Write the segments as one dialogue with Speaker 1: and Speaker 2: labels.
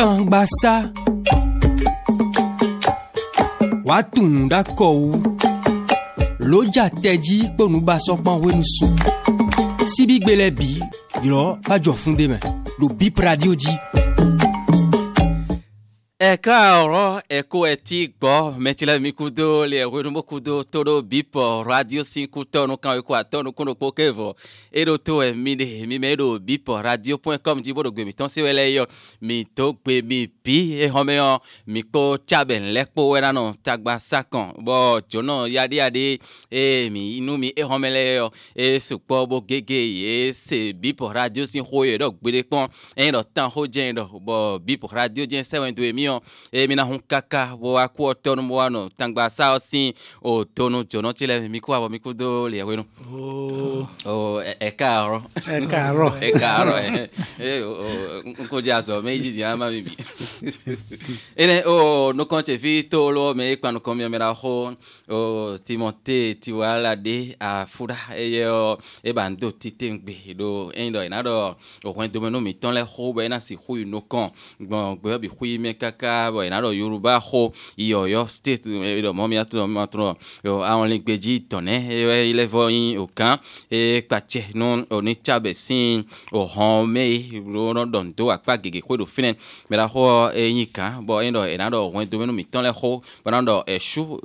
Speaker 1: tán gbasá wàá tùnú dákọ o lójà tẹjí kpọnù bá sọgbọn wẹnu sùn síbi gbẹlẹ bí yìlọ bá jọ fún demẹ lò bí pradio jí ɛka ọ̀rọ̀
Speaker 2: ẹ̀kó ẹtí gbọ́ mẹtìlá mi kudo lè ẹ̀wẹ́nu mo kudo tóró bípọ̀ radio si kú kan ikú àtọ́nu kúndùn kó kévọ̀ èdò tó ẹ̀mí lè mi mẹ́ èdò bípọ̀ radio point com jí bọ́dọ̀ gbé mi tán sí wẹ́lẹ́ yọ mi tó gbé mi bí mi mẹ́yàn mi kó tsábẹ̀ ńlẹ́kpó ẹ̀ránà tagba sákàn bọ́ jọ́nà yadéyadé ee mi inú mi mi mẹ́lẹ́ yọ ee sùpọ̀ bó gégé yé sè bípọ̀ radio si hó yẹ dọ̀ gbé nɔ eh, eye mina hun kaka wo akɔ tɔnu wo anɔ tangba sa si o tɔnu jɔnɔ ti lɛ mi ko awɔ mi ko do le ɛwɛ nu.
Speaker 3: o oh.
Speaker 2: ɛka oh, e, e arɔ.
Speaker 3: ɛka e arɔ. ɛka arɔ ɛ eh,
Speaker 2: ɛ eh, o oh, nko jɛ azɔ mɛ yi di ama mi bi ene o nukɔn tse fi to lo mɛ ekpanu kɔn mi mi la ko o timɔte tiwala de afuɖa eye ɔ eba ŋdo tite ŋgbe ɖo eyin dɔ yina dɔ òhun domenu mi tɔn lɛ xɔ bɛ yina si xɔ yi nukɔn gbɔn gbɛ bi xɔ yi mɛ kaka kaka bɔ yina ɖɔ Yorùbá xɔ yi state eɖɔ mɔ miatu ɖɔ miatu ɖɔ àwọn le tɔnɛ eye ilé yin òkan eye kpatsɛ nu òní tsabɛ si òhɔn mɛ ɖɔ dɔnto akpa gègé kó do fi nɛ xɔ eyin kan bɔ eyin ɖɔ yina ɖɔ wɔn mi tɔn lɛ xɔ bɔna ɖɔ esu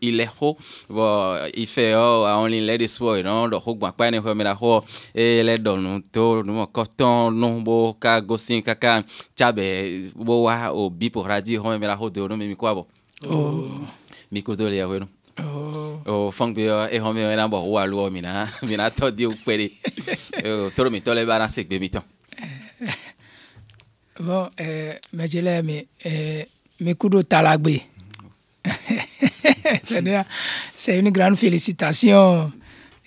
Speaker 2: ilé xɔ bɔ ife yɔ àwọn le de sɔ yina ɖɔ xɔ gbɔn akpa yɛ ne xɔ mɛ xɔ eye lɛ dɔnu to nu bo ka gosi kaka tsabɛ bo wa obi po tipo radio xɔmɛ mi la xɔ dewo no mi mi kó abɔ oh. mi kodo le yawo no o oh. oh, fɔn gbe exɔn eh, mi wɛna bɔ wa luwɔ mina mina tɔ di o kpɛ de o toro mi tɔ lɛ bana se gbe mi tɔ.
Speaker 4: bon ɛɛ mɛtɛlɛ mi ɛɛ mi kudo ta c'est une grande félicitation.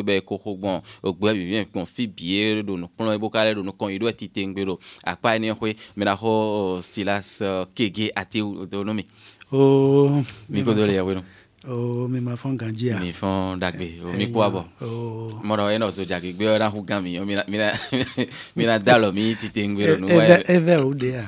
Speaker 2: woe be koko gbɔn ogbe bibi gbɔn fi bie ɖo nu kplɔ ebo ka ɖe ɖo nu kɔn yi ɖo eti te ŋgbe ɖo akpa ene koe mina xɔ eh, silas eh, kege ati do eh, nu mi.
Speaker 3: ooo mi ko do le yawo nu o mi ma fɔn gan jia. mi fɔn dagbe eh, eh, o mi kó abɔ
Speaker 2: mɔdɔ yen nɔ sojaki gbé ɔna hu gan mi o mina mina mina da lɔ mi tite ŋgbe lɔ nuwa. evɛ o de ya.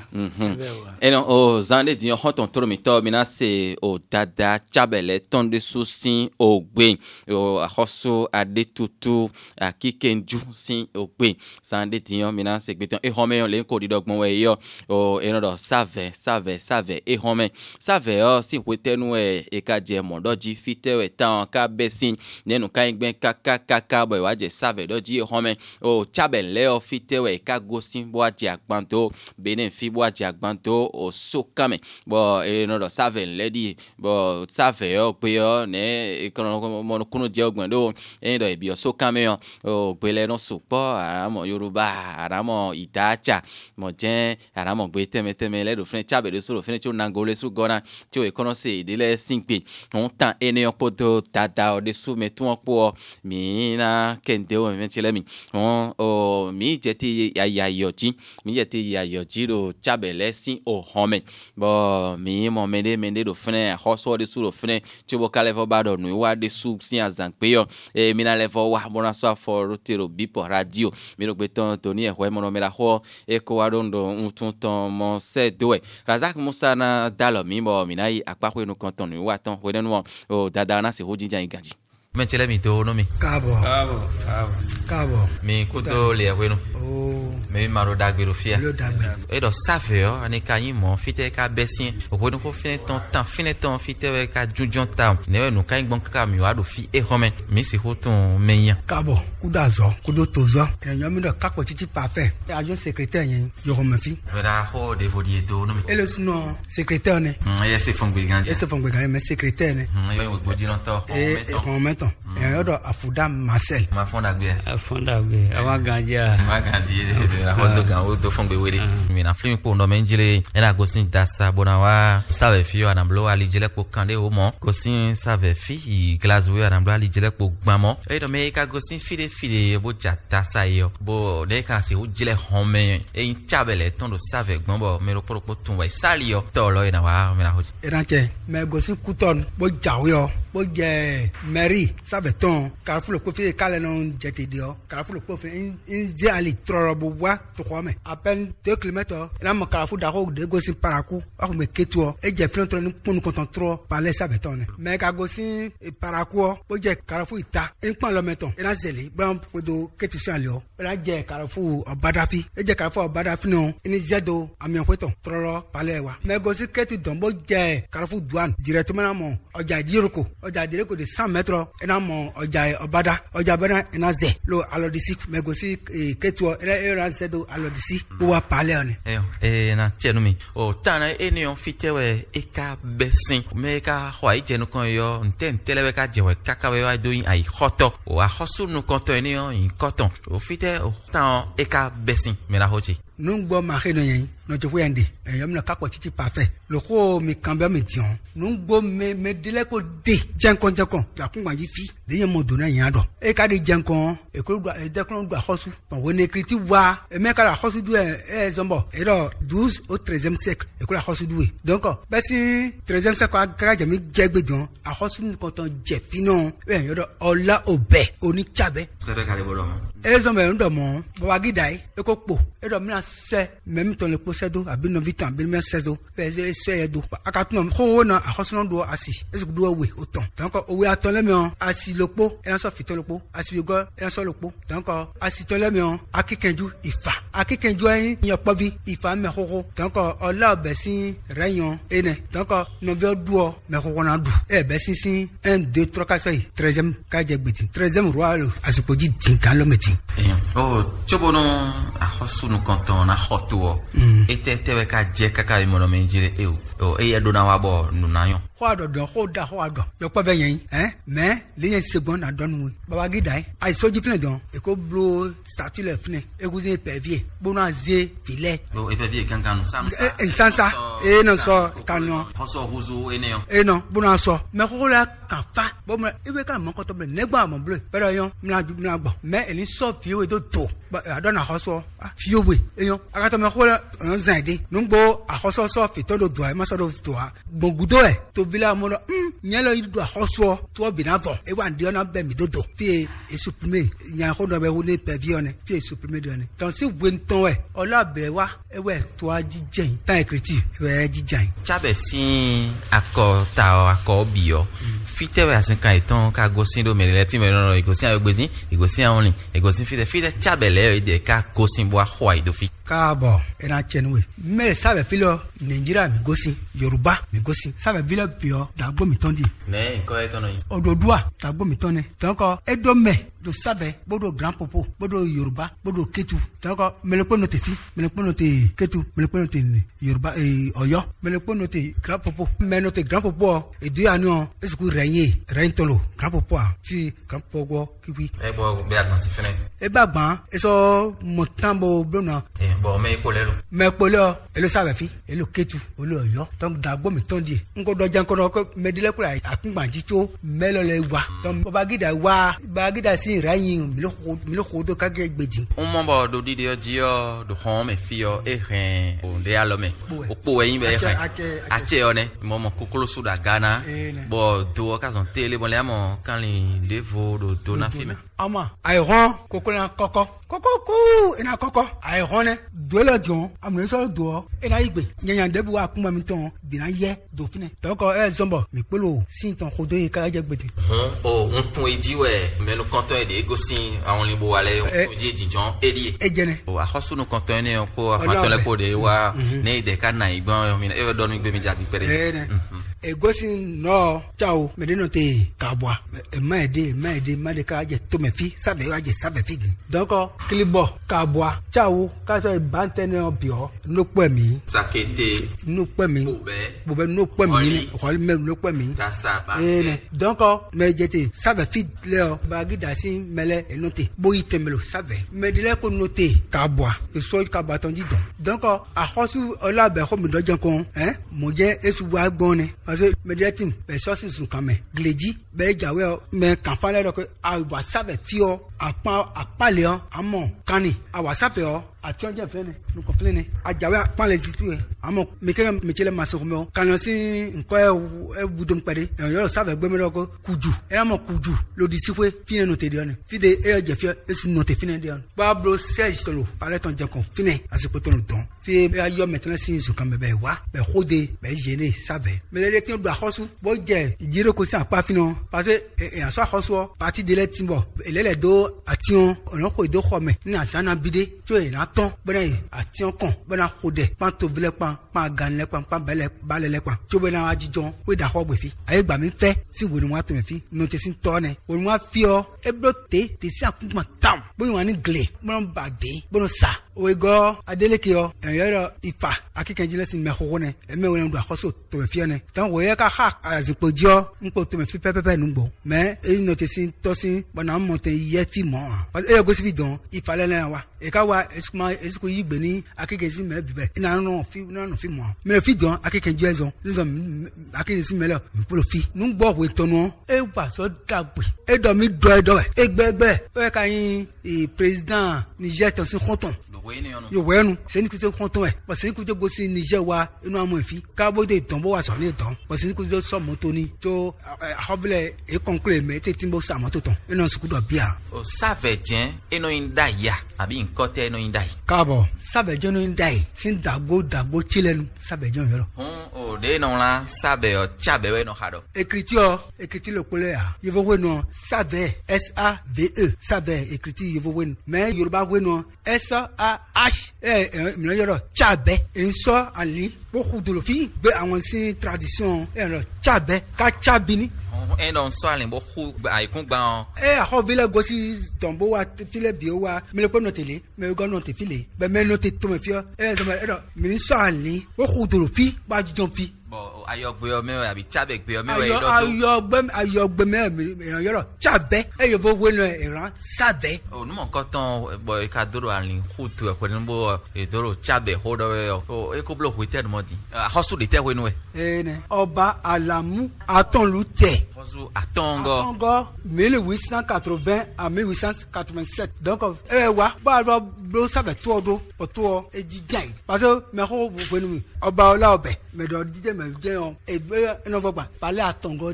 Speaker 2: ɛnɛ o zan de diɲɛ xɔtɔn toro mi tɔ mina se o dada tsabɛlɛ tɔndeso si o gbe o axɔso adetutu akikenju si o gbe zan de diɲɛ mina se gbetɔn exɔmɛ yɔ le ŋkɔ didɔ gbɔn wɛ yɔ o ɛnɛ dɔ savɛ savɛ savɛ exɔmɛ savɛ yɔ si wetɛnu ɛ dɔ dzi fite wɛ tán ká bɛ si nenu ka yin gbɛ kaka bɔ ìwà jɛ sáfɛ dɔ dzi xɔmɛ o tsabɛ lɛ o fite wɛ ká gosi bɔ adzi agbanto benin fi bɔ adzi agbanto o so kame bɔ eye nɔ dɔ save lɛ di bɔ sáfɛ yɔ gbe yɔ ne ekɔnɔ mɔnukunu jɛ ogbɛn do eye dɔ ebi yɔ so kame yɔ o gbelɛ nɔ so kpɔ aramɔ yoruba aramɔ idaatsa mɔdze aramɔ gbe tɛmɛtɛmɛ lɛ do fɛnɛ tsabɛ do so do fɛnɛ tso nagolo so gɔna tso ekɔnɔ se ede lɛ singbe ŋun tan ene yɔn kpodo dada o de su me tó wọn kpɔ mi na kente o mi ti lɛ mi wọn o mi jɛti ayayɔ dzi mi jɛti ayayɔ dzi do tsabɛlɛ si o xɔmɛ bɔn mi mɔ mi de mi de do fɛnɛ xɔsɔ de su do fɛnɛ tso bo kalẹ fɔ ba dɔ nu wa de su si azãgbe yɔ eye mi na lɛ fɔ wa bɔna sɔ afɔ rote do bipɔ radio mi do gbetɔn toni ɛxɔ mɔnɔ mi la xɔ eko wa do ŋdɔ ŋututɔn mɔ sɛ doɛ razak musa na dalɔ mi bɔ mi na yi akpa ko enu kɔntɔn nu wa tɔn ko ɔ dadaara na se ho jinja yi gaji. mẹtẹlẹ mi tó nù mi.
Speaker 1: káàbọ̀ káàbọ̀ káàbọ̀. mi kú tó lè mɛ
Speaker 2: mi ma do dagbero fia e dɔ safɛ yɔ ani ka yin mɔ fitɛ ka bɛ si o ko ni ko finɛ tan finɛ fitɛ wɛ ka junjɔn ta ne bɛ nu ka gbɔn kaka mi o a do fi e xɔmɛ mi si ko tun mɛ yan.
Speaker 1: kabɔ kuda zɔ kudo to zɔ ɛnyɔ mi dɔ kakpɔ titi pafɛ e ajo sekretɛr yɛ yɔgɔmɛfi.
Speaker 2: wɛrɛ ko devo di eto nu mi.
Speaker 1: ele sunɔ sekretɛr ne. e ye sefɔngbegan. Hmm, e sefɔngbegan ye mɛ sekretɛr ne. yɛyɛ dɔ afuda marcel.
Speaker 2: ma fɔn dagbe. fɔn dagbe a ma ganji a. ma ganji ye a ko to kan o to fɔn bɛ mina fili mi ko nɔ mɛ n jele ɛna ko sin da sa bɔnna wa sabɛ fi anamlo na bolo ali jɛlɛ ko kan de o mɔ ko sin sabɛ fi glace wo na bolo ali jɛlɛ ko gbamɔ eyi dɔ e ka ko fide fide bo ja ta sa ye bo ne kana se o jɛlɛ hɔn mɛ eyi tsa e bɛ lɛ tɔn do sabɛ gbɔn bɔ mɛ o kɔrɔ ko wa e sali yɔ tɔɔlɔ yina wa mina ko.
Speaker 1: ɛnɛ cɛ mɛ gosi kutɔn bo jawo yɔ kpo dze mɛri safetɔn karafulo kofi k'ale nɔ jate diɔ karafulo kofi nze ali trɔlɔbo wa tɔgɔ mɛ a pɛn deux kilomètres n'a ma karafu da ko de gosi paraku a kun bɛ ketuɔ e jɛ filen tɔrɔ ni kunu kɔntɔn tɔrɔ palɛ safetɔn nɛ mɛ ka gosi parakuɔ kpo dze karafu ita e kpɔn lɔmɛtɔn e na zeli bɛn kodo ketu si aliɔ e na jɛ karafu ɔbadafi e jɛ karafu ɔbadafi nɔ e ni zɛ do amiɛnkotɔn tɔrɔ palɛ wa mɛ gosi ketu dɔn bo jɛ karafu duan directement na mɔ ọjà ìdíròkò ọjà ìdíròkò de san mẹtọrọ ẹna mọ ọjà ọbada ọjà bẹna ẹna zẹ lo alọdisi mẹgosi ee ketuọ ẹna ẹna zẹ do alọdisi kó wa paálẹ ọni.
Speaker 2: ẹ ẹ na tiẹ nu ọ tana e ni yọn fitẹ wẹ e ka bẹ sin mẹ e ka xɔ ayi jẹ nukun yọ ntẹ ntẹlẹ bẹ ka jẹ wẹ kaka wẹ wa do yin ayi xɔtɔ o a xɔsu nukɔtɔ yẹ ni yọ yin kɔtɔn o fitẹ o tan e ka bẹ sin mẹ la xɔ tsi.
Speaker 1: nugbɔ ma xe yẹn nɔtɔfo yan de ɛyɔm na kakɔ tsitsi pafɛ lɔkɔ mi kan bɛ mi diɔn nugbo mi mi dilɛ ko de jɛnkɔn jɛnkɔn jakungba yi fi de yɛ mɔ donna yan dɔ e ka di jɛnkɔn ekolo do ɛdɛkɔn do akɔsu bɔn wɛnɛkiriti wa mɛ ka do akɔsu du ɛ ɛ zɔnbɔ ɛdɔ douze au treizième siècle ekolo akɔsu du ye donc bɛsi treizième siècle a akara jami jɛgbe dɔn akɔsu kɔntɔn jɛ finɔ ɛ yɔrɔ ɔla o bɛ oni tsabɛ. ɛzɔn bɛ n dɔ mɔ babagida ye eko kpo ɛdɔ mina sɛ mɛmitɔn le kpo sɛ do abi nɔvi tɔn abi mɛsɛ do ɛsɛ sɛ yɛ do a ka tɔn xoxo na akɔsɔnɔ do asi esuku do owe o tɔn tɔn kɔ owe atɔn lɛ mɛ asi lokpo ɛnasɔ fitɔ lokpo asi yegɔ ɛnasɔ lokpo tɔn kɔ asi tɔn lɛ mɛ akikɛnju ifa akikɛnju yɛ nyɔkpɔvi ifa mɛ xoxo tɔn kɔ ɔlɛ bɛsi rɛnyɔ enɛ tɔn kɔ nɔviɛ doɔ mɛ xoxo na do ɛ bɛsi si ɛn de trɔkasɔ yi trɛzɛm kajɛ gbedi trɛzɛm rɔ alo azikpodzi din kan lɔmɛ din.
Speaker 2: ɛyàn oh, ɔ tsobo nu akɔsunu kɔntɔn na xɔ to wɔ. Mm. Mm. e tɛ tɛbɛ ka jɛ ka ka ye mɔnɔmɛ jire e o eye ɖo na wa bɔ nuna yɔ.
Speaker 1: xɔ adɔdɔn xɔ da xɔ adɔ yɔkpɔ bɛ yɛn ɛn mɛ le yɛn segbɔn na dɔn nu babagi da eh? yi ayi sɔji fɛnɛ dɔn eko bulo statu lɛ fɛnɛ eguze pɛvie gbona ze filɛ.
Speaker 2: o epɛvie gangan no sam sa.
Speaker 1: ɛ nsansa ee nɔ sɔ ka nɔ.
Speaker 2: kɔsɔ hozo ene yɔ.
Speaker 1: ee nɔ gbona sɔ mɛ kɔkɔ la kan fa bɔn mɛ i bɛ ka mɔ kɔtɔ bilen ne gba mɔ bilen pɛrɛ yɔ mina mina gbɔ mɛ eni sɔ fiyewe do to adɔn na xɔsɔ fiyewe eyɔ akatɔmɛ kɔkɔ la ɔyɔ zan yi de nugbo axɔsɔsɔ fitɔ do do ayi e ma sɔrɔ toa gbɔngudo yɛ tovila mo lɔ un nyɛlɛ yi do a xɔ sɔ tɔ bina vɔ ewa n diɔna bɛ mi dodo fiye esuprime nyako dɔ bɛ wo ne pɛ viɔ ne fiye esuprime dɔ ne tɔnsi wentɔn wɛ ɔlɔ bɛ wa ewɛ toa jijɛn tan ekiriti ewɛ jijɛn.
Speaker 2: tsabɛ si akɔta akɔ biyɔ fitɛ bɛ asin kan itɔn ka gosi do mɛlɛ ti mɛlɛ nɔ igosi awɔ gbezi igosi awɔ ni igosi fitɛ fitɛ tsabɛ lɛ yɛ de ka gosi bɔ axɔ yi do fi
Speaker 1: káàbọ̀ ẹnna cẹnuwe mẹ sábẹ filọ nàìjíríà mi gosi Yoruba mi gosi sábẹ filọ bìọ dàgbò mi tọ́ndì.
Speaker 2: mẹ nkọ ẹ tọnọ yìí.
Speaker 1: ododuwa dàgbò mi tọ́ni tọkọ edo mẹ do sábẹ bodo grand popo bodo Yoruba bodo ketu tọkọ mẹlẹkpọnọ tẹ fi mẹlẹkpọnọ tẹ ketu mẹlẹkpọnọ tẹ yorùbá ọyọ mẹlẹkpọnọ tẹ grand popo mẹnọ tẹ grand popo eduyanọ esuku rẹnye rẹntọlo grand popo a fi grand popo gbọ kikui.
Speaker 2: ẹ bọ bẹ àgbọn sí fẹnẹ.
Speaker 1: ẹ bá gbọn ẹ sọ mọtàn bọ bẹ na. ẹ bɔn mɛ eko lɛ lo. mɛ kpoli ɔ elo sabɛfi elo ketu olu ɔyɔ tɔn da gbɔmi tɔn di nkɔdɔ jɛn kɔnɔ ko mɛdilɛ kura akunkpanji tso mɛlɔ lɛ wa tɔn babagida wa babagida si ra yin miloko do kage gbedi. n
Speaker 2: mɔ bɔ dodi de di yɔ do xɔn mɛ fi yɔ e hɛn o de y'a lɔ mɛ o kpo wɛyin bɛ e hɛn a cɛ yɔ nɛ mɔmɔ kokolosu da gana bɔn do kazɔn tele bɔn lɛ yamɔ kan le devo do do na fi mɛ
Speaker 1: ama a ye hɔn kokola kɔkɔ kɔkɔ ko na kɔkɔ a ye hɔn dɛ dole jɔn a mun sɔrɔ dɔ ina yi gbe ɲɛɲɛ de b'a kuma min tɔn bina yɛ do fɛnɛ tɔw kɔ ɛ zɔnbɔ mi kpolo sin tɔn ko do ye kala jɛ gbede.
Speaker 2: hun o n kun ye ji wɛ mɛnu kɔntɔn ye de ego sin àwọn libo wale kun ye jijɔn eli ye. e jɛnɛ. o a kɔsu nu
Speaker 1: kɔntɔn ye ne ye
Speaker 2: ko a kuma tɔlɛ ko de ye wa mhm. ne ye de ka na igbɔn yɔ min na e bɛ dɔɔni gbemi jaabi pɛrɛ
Speaker 1: egosi nɔ tsawo mɛ de nɔ te k'a bɔ a mɛ ɛ de mɛ ɛ de mɛ de k'a jɛ tome fi sanfɛ y'a jɛ sanfɛ fi di. dɔnkɔ kilibɔ k'a bɔ a tsawo k'a sɔrɔ ban tɛ ne biɔ nukpɛ mi. sakete nukpɛ mi bobɛ bobɛ nukpɛ mi ɔkɔli mɛ nukpɛ mi. dɔnkɔ mɛ jɛte sanfɛ fi lɛ ɔ bagi dasi mɛlɛ ɛnɔ te boyi tɛmɛlo sanfɛ mɛ de la ko nɔ te k'a bɔ a esɔ ka batɔnji dɔn dɔnkɔ akɔsu ɔlabɛ kɔmi dɔ jɛ kɔn ɛ eh? mɔdze esubu agbɔn ne parce que mediating resources nkan mɛ gileji bɛɛ jawe mɛ kanfa lɛ dɔ ko awa safɛ fiyɔ akpa akpali yɔ amɔ kani awa safɛ yɔ atiɔnjɛ fɛn ne nukɔ filɛ ne a jawe akpa lɛ zitu yɛ amɔ mekɛ metsɛ lɛ maso mɛ o kanɔsi nkɔ yɛ wudom kpɛri yɔrɔ safɛ gbɛmɛ dɔ ko kuju ɛyɛ mɔ kuju lodisi koe fiɲɛ n'o tɛ di yɔ ne fi de e yɛ jɛ fiyɛ esu n'o tɛ fiɲɛ di yɔ ne b'a bolo sɛji tɔlo ale tɔn jɛ kɔn fiɲɛ asiko tɔlo dɔn fi bɛ yɔ mɛtɛnɛ si zu kan mɛ bɛ wa bɛ xode bɛ zene safɛ mɛ lɛ de tiɲɛ do a xɔsu bɔ jɛ jire ko sisan a kpa parce que yasɔ xɔsɔ pati de lɛ ti bɔ ele le do atiɔ ɔnɔ ko do xɔme ne na zana bi de tso yina tɔn bena yi atiɔ kɔn bena ko dɛ kpan tovi lɛ kpan kpan gani lɛ kpan kpan bɛlɛ balɛ lɛ kpan tso bena wa jijɔ ko da xɔ gbɛ fi ayi gba mi fɛ si wonimua tɛmɛ fi nɔtɛsi tɔ nɛ wonimua fiyɔ eblo te te si akuntuma tam bonya wani gile bɔnɔ ba de bɔnɔ sa oigɔ adeleke yɔ ɛyɔrɔ ifa akekɛnji lɛ si mɛ xoxo nɛ ɛmɛ wòle ŋdu akɔso tome fiɛ nɛ tɔn wòye ka xa azikpo diɔ ŋkpɔ tome fi pɛpɛpɛ nugbɔ mɛ eyi nɔ te si tɔ si bɔnna mɔ te yɛ fi mɔ wa parce que eya gosi fi dɔn ifa lɛ lɛ wa eka wa esukuma esuku yi gbeni akekɛnji mɛ bibɛ ina nɔ fi ina nɔ fi mɔ mɛ fi dɔn akekɛnji yɛ zɔn nizɔn akekɛnji mɛ lɛ nkpolo fi nugbɔ wòye tɔnu ewa sɔ dagbe edɔ mi dɔ edɔ wɛ egbɛgbɛ yowɛnu senikuse kɔntɔn wa senikuse gosi nizɛ wa inu amu efi kabo de dɔn bo wa sɔrɔ ne dɔn wa senikuse sɔ moto ni tso ahɔbilɛ ekɔnkule mɛ tete bo sa moto tɔn inu suku dɔ bia.
Speaker 2: o sáfɛ jɛn inu yin da yi ya àbí nkɔ tɛ inu yin da yi.
Speaker 1: kaabɔ sáfɛ jɛn inu yin da yi si dagbo dagbo tsilɛnu sáfɛ jɛn yɔrɔ.
Speaker 2: hun o de nɔ la sáfɛ yɔ tsabɛ wɛ nɔ ha dɔ.
Speaker 1: ekiriti yɔ ekiriti le kpolo ya yevowoe nɔ sáfɛ s a v e sáfɛ ekiriti yevowoe nɔ mɛ yoruba woe nɔ s a H, ash ɛɛ minɛn yɔrɔ ca bɛɛ nsɔ ali bokudolofin bɛ àwọn sin tradition ɛɛ ca bɛɛ ka ca bini
Speaker 2: ɛn dɔn sɔɔlen bɔ ko a ye kun gbãn.
Speaker 1: ɛ a xɔ vilɛ gosi tɔnbo wa filɛ bi o wa meleko nɔ tɛ le mɛ o ka nɔ tɛ file bɛ mɛ nɔ tɛ tɔmɛ fiyɔ ɛ zɔnbɛ ɛ dɔn mɛ nsɔɔlen bokudolofin b'a jijɔn fi
Speaker 2: ayọgbẹmẹwẹ àbí tsabẹgbẹmẹwẹ yìí
Speaker 1: lọdún. ayọgbẹmẹwẹ ìran yọrọ tsabẹ eye fo wenu ìran sabẹ.
Speaker 2: o numọ kọtọn bọ ika doro alin kutu ẹkọ ni bo edoro tsabẹ ho dọ bẹ yọ o eko bolo hoe tẹ numọ di ahosu de tẹ hoe nu ẹ.
Speaker 1: ẹnẹ ọba alamu atọnlu tẹ. ọzu atọngọ. atọngọ mille huit cent quatre vingt à mille huit cent quatre vingt sept donc ẹ wa bá a lọ bolo sabẹ tó o do o tó o edi jan ye parce que mẹ ko wenu ɔ ebe nɔfɔ gba pale atɔngɔ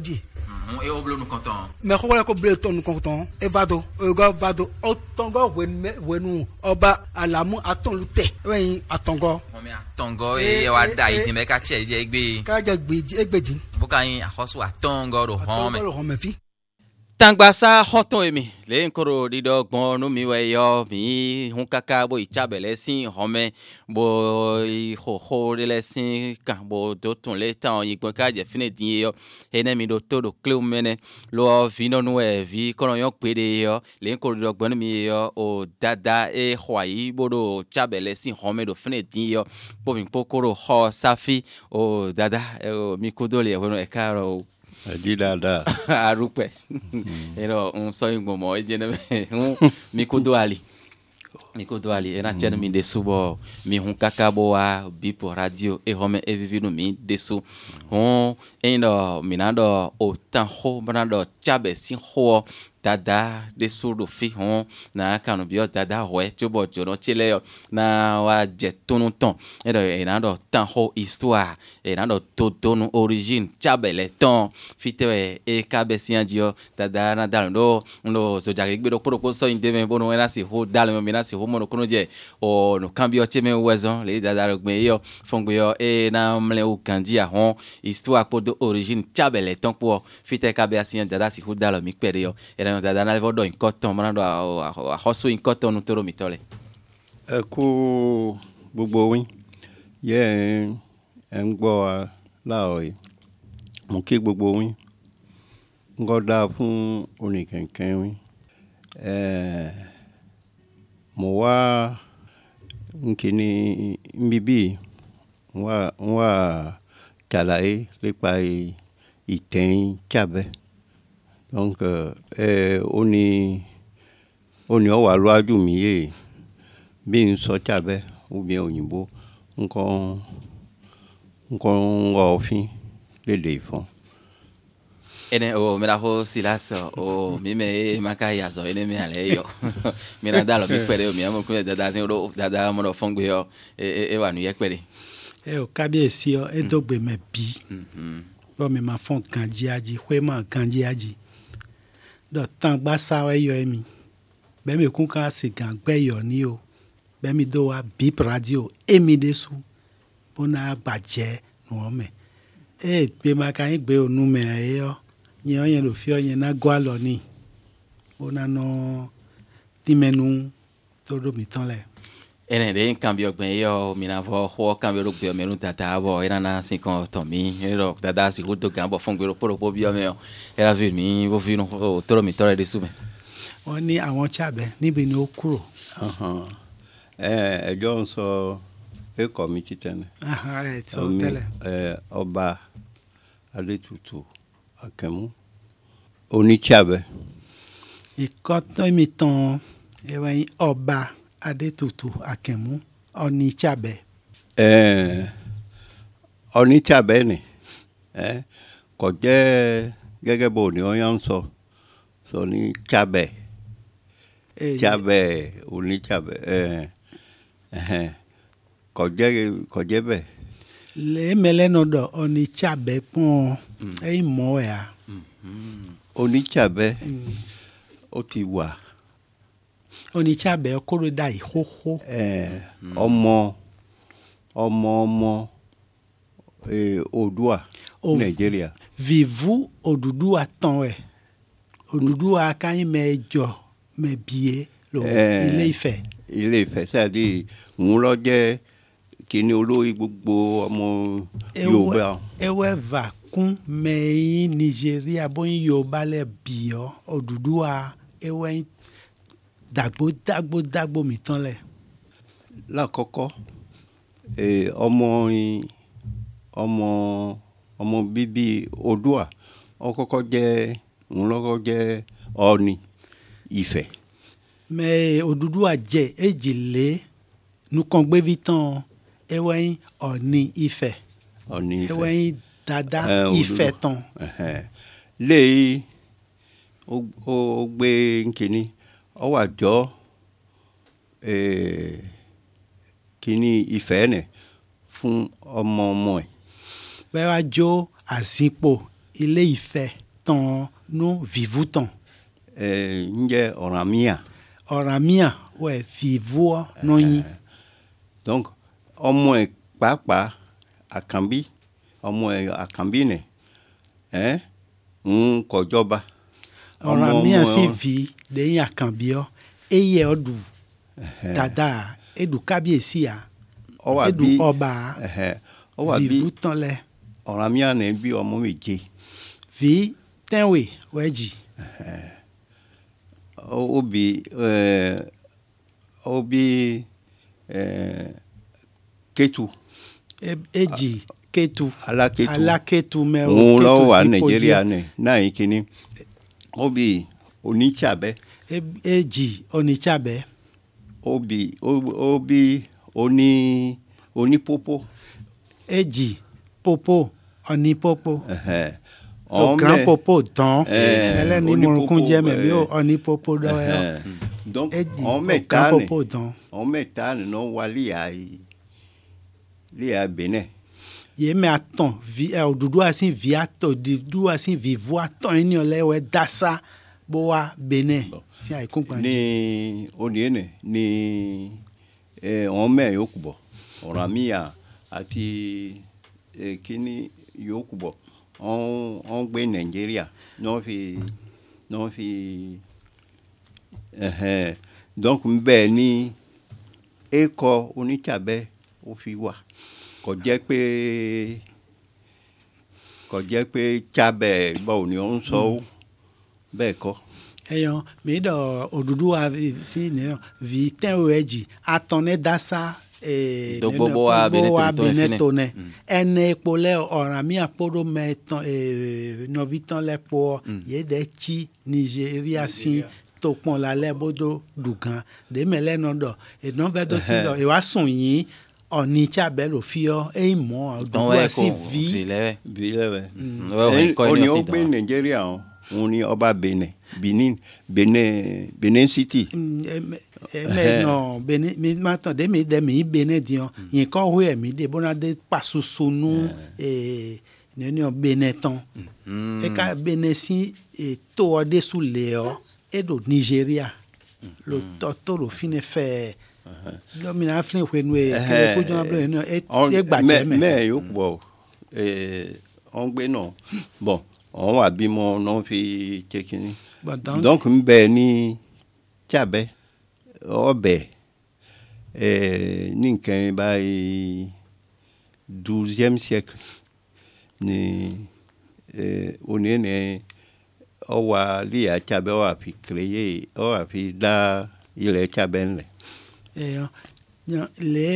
Speaker 2: mun e y'o kɔntɔn.
Speaker 1: mɛ kɔkɔlɔ ko bulon tɔnu kɔntɔn e va do e ka va do o tɔngɔ wɛnu ɔba alamu atɔnlu tɛ e bɛ atɔngɔ. mɔmi
Speaker 2: atɔngɔ ye wa da yi tɛmɛ ka cɛ jɛ gbe.
Speaker 1: k'a jɛ gbe di e gbe atɔngɔ do
Speaker 2: hɔn mɛ. atɔngɔ do hɔn mɛ fi tangbasa xɔtɔn yi mi le nkoro ɖiɖɔ gbɔn nu mi wɔ yɔ mi ŋu kaka bo itsabɛ lɛ si xɔmɛ bo xoxo ɖe lɛ si kan bo do tun le tan yi gbɔn ka dze fi di yɔ ene mi ɖo to ɖo kliw mɛnɛ lɔ vi nɔnu ɛ vi kɔnɔyɔ kpe ɖe yɔ le nkoro ɖiɖɔ gbɔn nu mi yɔ o dada e xɔa yi bo ɖo tsabɛ lɛ si xɔmɛ ɖo fi di yɔ kpɔmi kpokoro xɔ safi o dada o mi kudo le wɔna ɛka e yɔrɔ o. Ẹdi dada. Arúpẹ́. Hmm. Ẹrọ ń sọ yín gbọmọ ẹ jẹnẹ bẹ ń mi kó do àlè. Mi kó do àlè ẹna tiẹ̀ mi de so bọ̀ mi hun kaka bọ̀ wa bipọ̀ radio ehome evivi nu mi de so. Hun ẹyin dọ̀ mina dọ̀ o tan xo bana dọ̀ tsabẹ̀ si xo dada ɖe so ɖo fi hɔn na kanubiɔ dada wɔɛ tso bɔ dzonɔ tsi lɛ na wa dze tonu tɔn eɖɔ yina e ɖɔ tan xɔ histoire yina ɖɔ dodonu origine tsabɛlɛ tɔn fitɛ wɛ eka bɛ sian dzi dada na dalu ɖo ŋlɔ zodzage gbe ɖo kpɔɖokpɔ sɔyin de me bonu ena si ho dalu me mina si ho mɔnokunu dze ɔ nukanbiɔ tse me wɛzɔn le dada ɖe gbe yɔ fɔngbe yɔ eye na mlɛ wo gandzi ahɔn histoire kpɔdo origine tsabɛlɛ tɔn kpɔ fitɛ eka bɛ sian dada si ho dalu mi kpɛ ɖe yɔ dadana eh, eh, e, le vɔ ɖɔ ŋkɔtɔn
Speaker 5: eku gbogbo wi ye ŋgbɔ la o gbogbo wi ŋgɔ da fún oní kẹ̀kẹ́ wi mo wá nkíni nbíbí wa wa donc euh, ẹ o ni o ní ọ wà mi bí n sọ tsabẹ ubi òyìnbó nkọ nkọ ŋgɔ òfin lédè ìfọn.
Speaker 2: ene o mira ko silas o mi me e maka ya zo ene mi ale yo mira da lo mi pere o mi amo ku dada zin ro dada mo ro fon gbe yo e e, e wa nu ye pere
Speaker 3: ɛ o kábíyèsí o e dogbe mɛ bi mm-hmm. bo mi ma fon aji hwe ma kanji aji dɔ tã gbasa eyɔ mi bɛ mi kun ka si gã yɔ ni o bɛ do wa bip radio emi de su bona gbadzɛ nuɔ me eye gbe ma ka anyi gbe o nu me eyɔ nye ɔnyɛ do fi ɔnyɛ na gɔ alɔ ni bona nɔ timenu to do mi tɔn lɛ
Speaker 2: ene ɖe nkanbiɔ gbɛn eyɔ minavɔ xɔ kanbiɔ ɖo gbɛɔ mɛnu dada bɔ enana si kɔn tɔmi eyɔ dada si ko do gan bɔ fɔn gbɛrɛ kpɔɖo kpɔ biɔ mɛ ɛyà fi mi wofi nu o tɔrɔ mi tɔrɔ ɛdi su mɛ.
Speaker 3: wọn ní àwọn tí a bẹ níbi ni ó kúrò.
Speaker 2: ẹ ẹjọ ń sọ
Speaker 5: ekọ mi ti tẹnɛ. ẹ sọ tẹlɛ. ẹ ọba Adétutù Àkànmú onítsàbẹ.
Speaker 3: ìkọ́tọ́ mi tán ẹ̀wọ̀n ọba. Adétutù Àkànmú Ọ̀nìchàbẹ̀.
Speaker 5: Ọ̀nìchàbẹ̀ ni kò jẹ́ gẹ́gẹ́ bó ni wọ́n yàn ń sọ sọ ní Chàbẹ̀ Chàbẹ̀ Ọ̀nìchàbẹ̀ kò jẹ́ kò jẹ́ bẹ́ẹ̀.
Speaker 3: Emele no do Ọ̀nìchàbẹ̀ kpọ́n mm-hmm. ẹ̀yin mọ̀ ẹ̀ ya. Mm-hmm.
Speaker 5: Ọ̀nìchàbẹ̀ mm. ó ti wà. Mm
Speaker 3: onitsẹ abẹ koro da yi xoxo.
Speaker 5: ẹẹ ọmọ ọmọ ọmọ Nigeria.
Speaker 3: vivu Oòduà tán ẹ Oòduà kanyi mẹ jọ mẹ bie lo Ilé-Ifẹ̀.
Speaker 5: Ilé-Ifẹ̀ sadi ńlọ kini olórí gbogbo ọmọ Yorùbá.
Speaker 3: ewe va kún mẹyin Nigeria bóyin Yorùbá lẹ bìọ Oòduà ewé yìí dàgbò dàgbò dàgbò mi tán lẹ̀. lákọ̀ọ́kọ́
Speaker 5: ọmọrin ọmọ ọmọ bíbí Oòduà ọkọ́kọ́ jẹ́ ńlọ́kọ́ jẹ́ Ọọ̀ni Ifẹ̀.
Speaker 3: mẹ Odùduwà jẹ èjìlé nukọ̀ngbẹ́bí tán ẹwẹ́yìn Ọọ̀ni Ifẹ̀ Ọọ̀ni Ifẹ̀ ẹwẹ́yìn dada Ifẹ̀ tán.
Speaker 5: léyìí ó gbé nkíní ọwa jọ ee kini ìfẹ́ nẹ fún ọmọ ọmọ ẹ.
Speaker 3: bẹ́ẹ̀ wá jó àsìkò ilé ìfẹ́ tán nú vivu tán.
Speaker 5: ẹẹ n jẹ ọ̀ràn mìíràn.
Speaker 3: ọ̀ràn mìíràn wẹ vivu nọnyi.
Speaker 5: donc ọmọ ẹ pàápàá àkànbí ọmọ ẹ àkànbí nẹ ẹ ń kọjọba. ọ̀ràn mìíràn sì
Speaker 3: vi ɖe nya kan biɔ eye ɔɖu dada eɖu kábíyèsí ya eɖu ɔba vivu tán lɛ.
Speaker 5: ọ̀ràn mi àná bí mi jẹ. vi tẹ́wé wẹ́ obi ó bi ó ketu, kétu.
Speaker 3: E, ketu, jì kétu alákétu mẹ́wọ́ si sí pojì. òun lọ wà nàìjíríà
Speaker 5: náà yìí kínní ó bi onitsa bɛ.
Speaker 3: edzi onitsa bɛ.
Speaker 5: obi obi oni onipopo.
Speaker 3: edzi popo onipopo. o grand popo tɔn ɛlɛ ni murukun jɛ mɛ bi o onipopo dɔ yɛ.
Speaker 5: donc ɔmɛ taa ni ɔmɛ taa ni n'o wali y'a ye li y'a benɛ
Speaker 3: yìí mẹ́ atọ̀ vi ẹ̀ òdùdú àti vi atọ̀ òdùdú àti vi vu atọ̀ yìí ni ọ̀lẹ́ wẹ́ dasa bowa benin si ayi kó gbàǹjì. ní
Speaker 5: oníyẹnẹ ní ọ̀n mẹ́ yóò kú bọ̀ ọ̀rọ̀ àmìyà àti kíní yóò kú bọ̀ ọ̀n gbé nàìjíríà ní fi ní fi donc nbẹ ni ekọ onitsabẹ ó fi wà kò jẹ́ pé kò jẹ́ pé tsabẹ báwo ni wọ́n sọ Mm bɛɛkɔ
Speaker 3: eyan mi dɔ oduduwa si ne yɔ vi tɛn o yɛ dzi atɔn ne dasa ee gbogbowa bene to ne ene mm. ekpo lɛ ɔran mi akpo ɖo mɛ tɔn ee nɔvi tɔn lɛ kpoɔ yɛ de tsi nigeria si tó kpɔn la lɛ bodo dugan dèmɛ lɛ nɔ dɔ enɔvɛ do si dɔ ewa sùn yìí ọ̀ni tí abẹ́ ló fi ọ́ èyí mọ́ ọdún wá mm. sí
Speaker 2: vi. vi lẹ́wẹ̀. vi lẹ́wẹ̀.
Speaker 5: ọ̀ni gbé nàìjíríà o òun ni ọba benin benin benin benin
Speaker 3: city. Mm, ẹmẹ nọ benin mi ma tọ de mi dẹ mi benin diyan yìí kọ́ hu ẹ̀ mi de bọ́nà de pasoso nu nínú benin tán mm. ẹ̀ka benin si tó ọdẹ sùn lè ọ ẹ̀ dò nigeria mm. lò tọ́ tó lò fi ne fẹ́ẹ́ lọ́mìnira fún ìwé nu ẹ̀ kí ló kó jọba bẹ́ẹ̀ náà ẹ gbàjẹ́ mẹ́. mẹ́ẹ̀ yóò
Speaker 5: pọ̀ ọ̀ngbẹ́ náà hmm. bọ̀ wọn wà bímọ náà fi ṣe kínní donc ń bẹ ní tsabẹ ọbẹ ẹ ní nǹkan báyìí douzième siècle ni òní ni ọwà líyà tsabẹ wà fi créé wà fi dá ilẹ̀ tsabẹ ńlẹ̀.
Speaker 3: le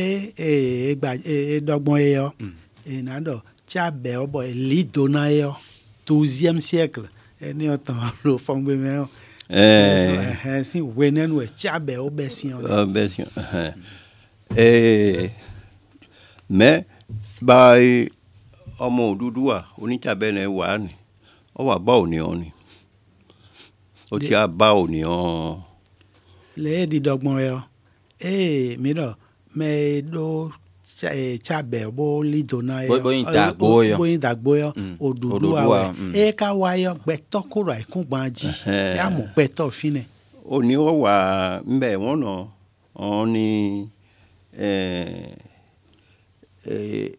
Speaker 3: ẹgbàá ẹdọgbọn yẹ mm. ọ ìnádọ tsabẹ ọbọ ẹlí dona yẹ ọ. 12e siècle ene yɔ tɔn lo fɔngbe mɛ o.
Speaker 5: ɛɛ eh.
Speaker 3: eh, eh, si wɛnɛ nu ɛtsia e bɛ o bɛ si. o bɛ
Speaker 5: si ɛɛ mɛ ba ọmọ òdúdúwà oníjàbẹ́ náà wà á ní ọ wà bá ònìyàn ni ó ti á bá ònìyàn.
Speaker 3: lẹ́yìn dídọ́gbọ́n rẹ ọ ee mi dọ̀ mẹ́ ẹ dó tsabɛbo eh, lidona yɔ eh, boyindagbo yɔ boyindagbo yɔ mm. odudu awɛ eye ka wa yɔ gbɛtɔ koro ekugba dzi yamu gbɛtɔ fi nɛ. oni
Speaker 5: wọ́n eh,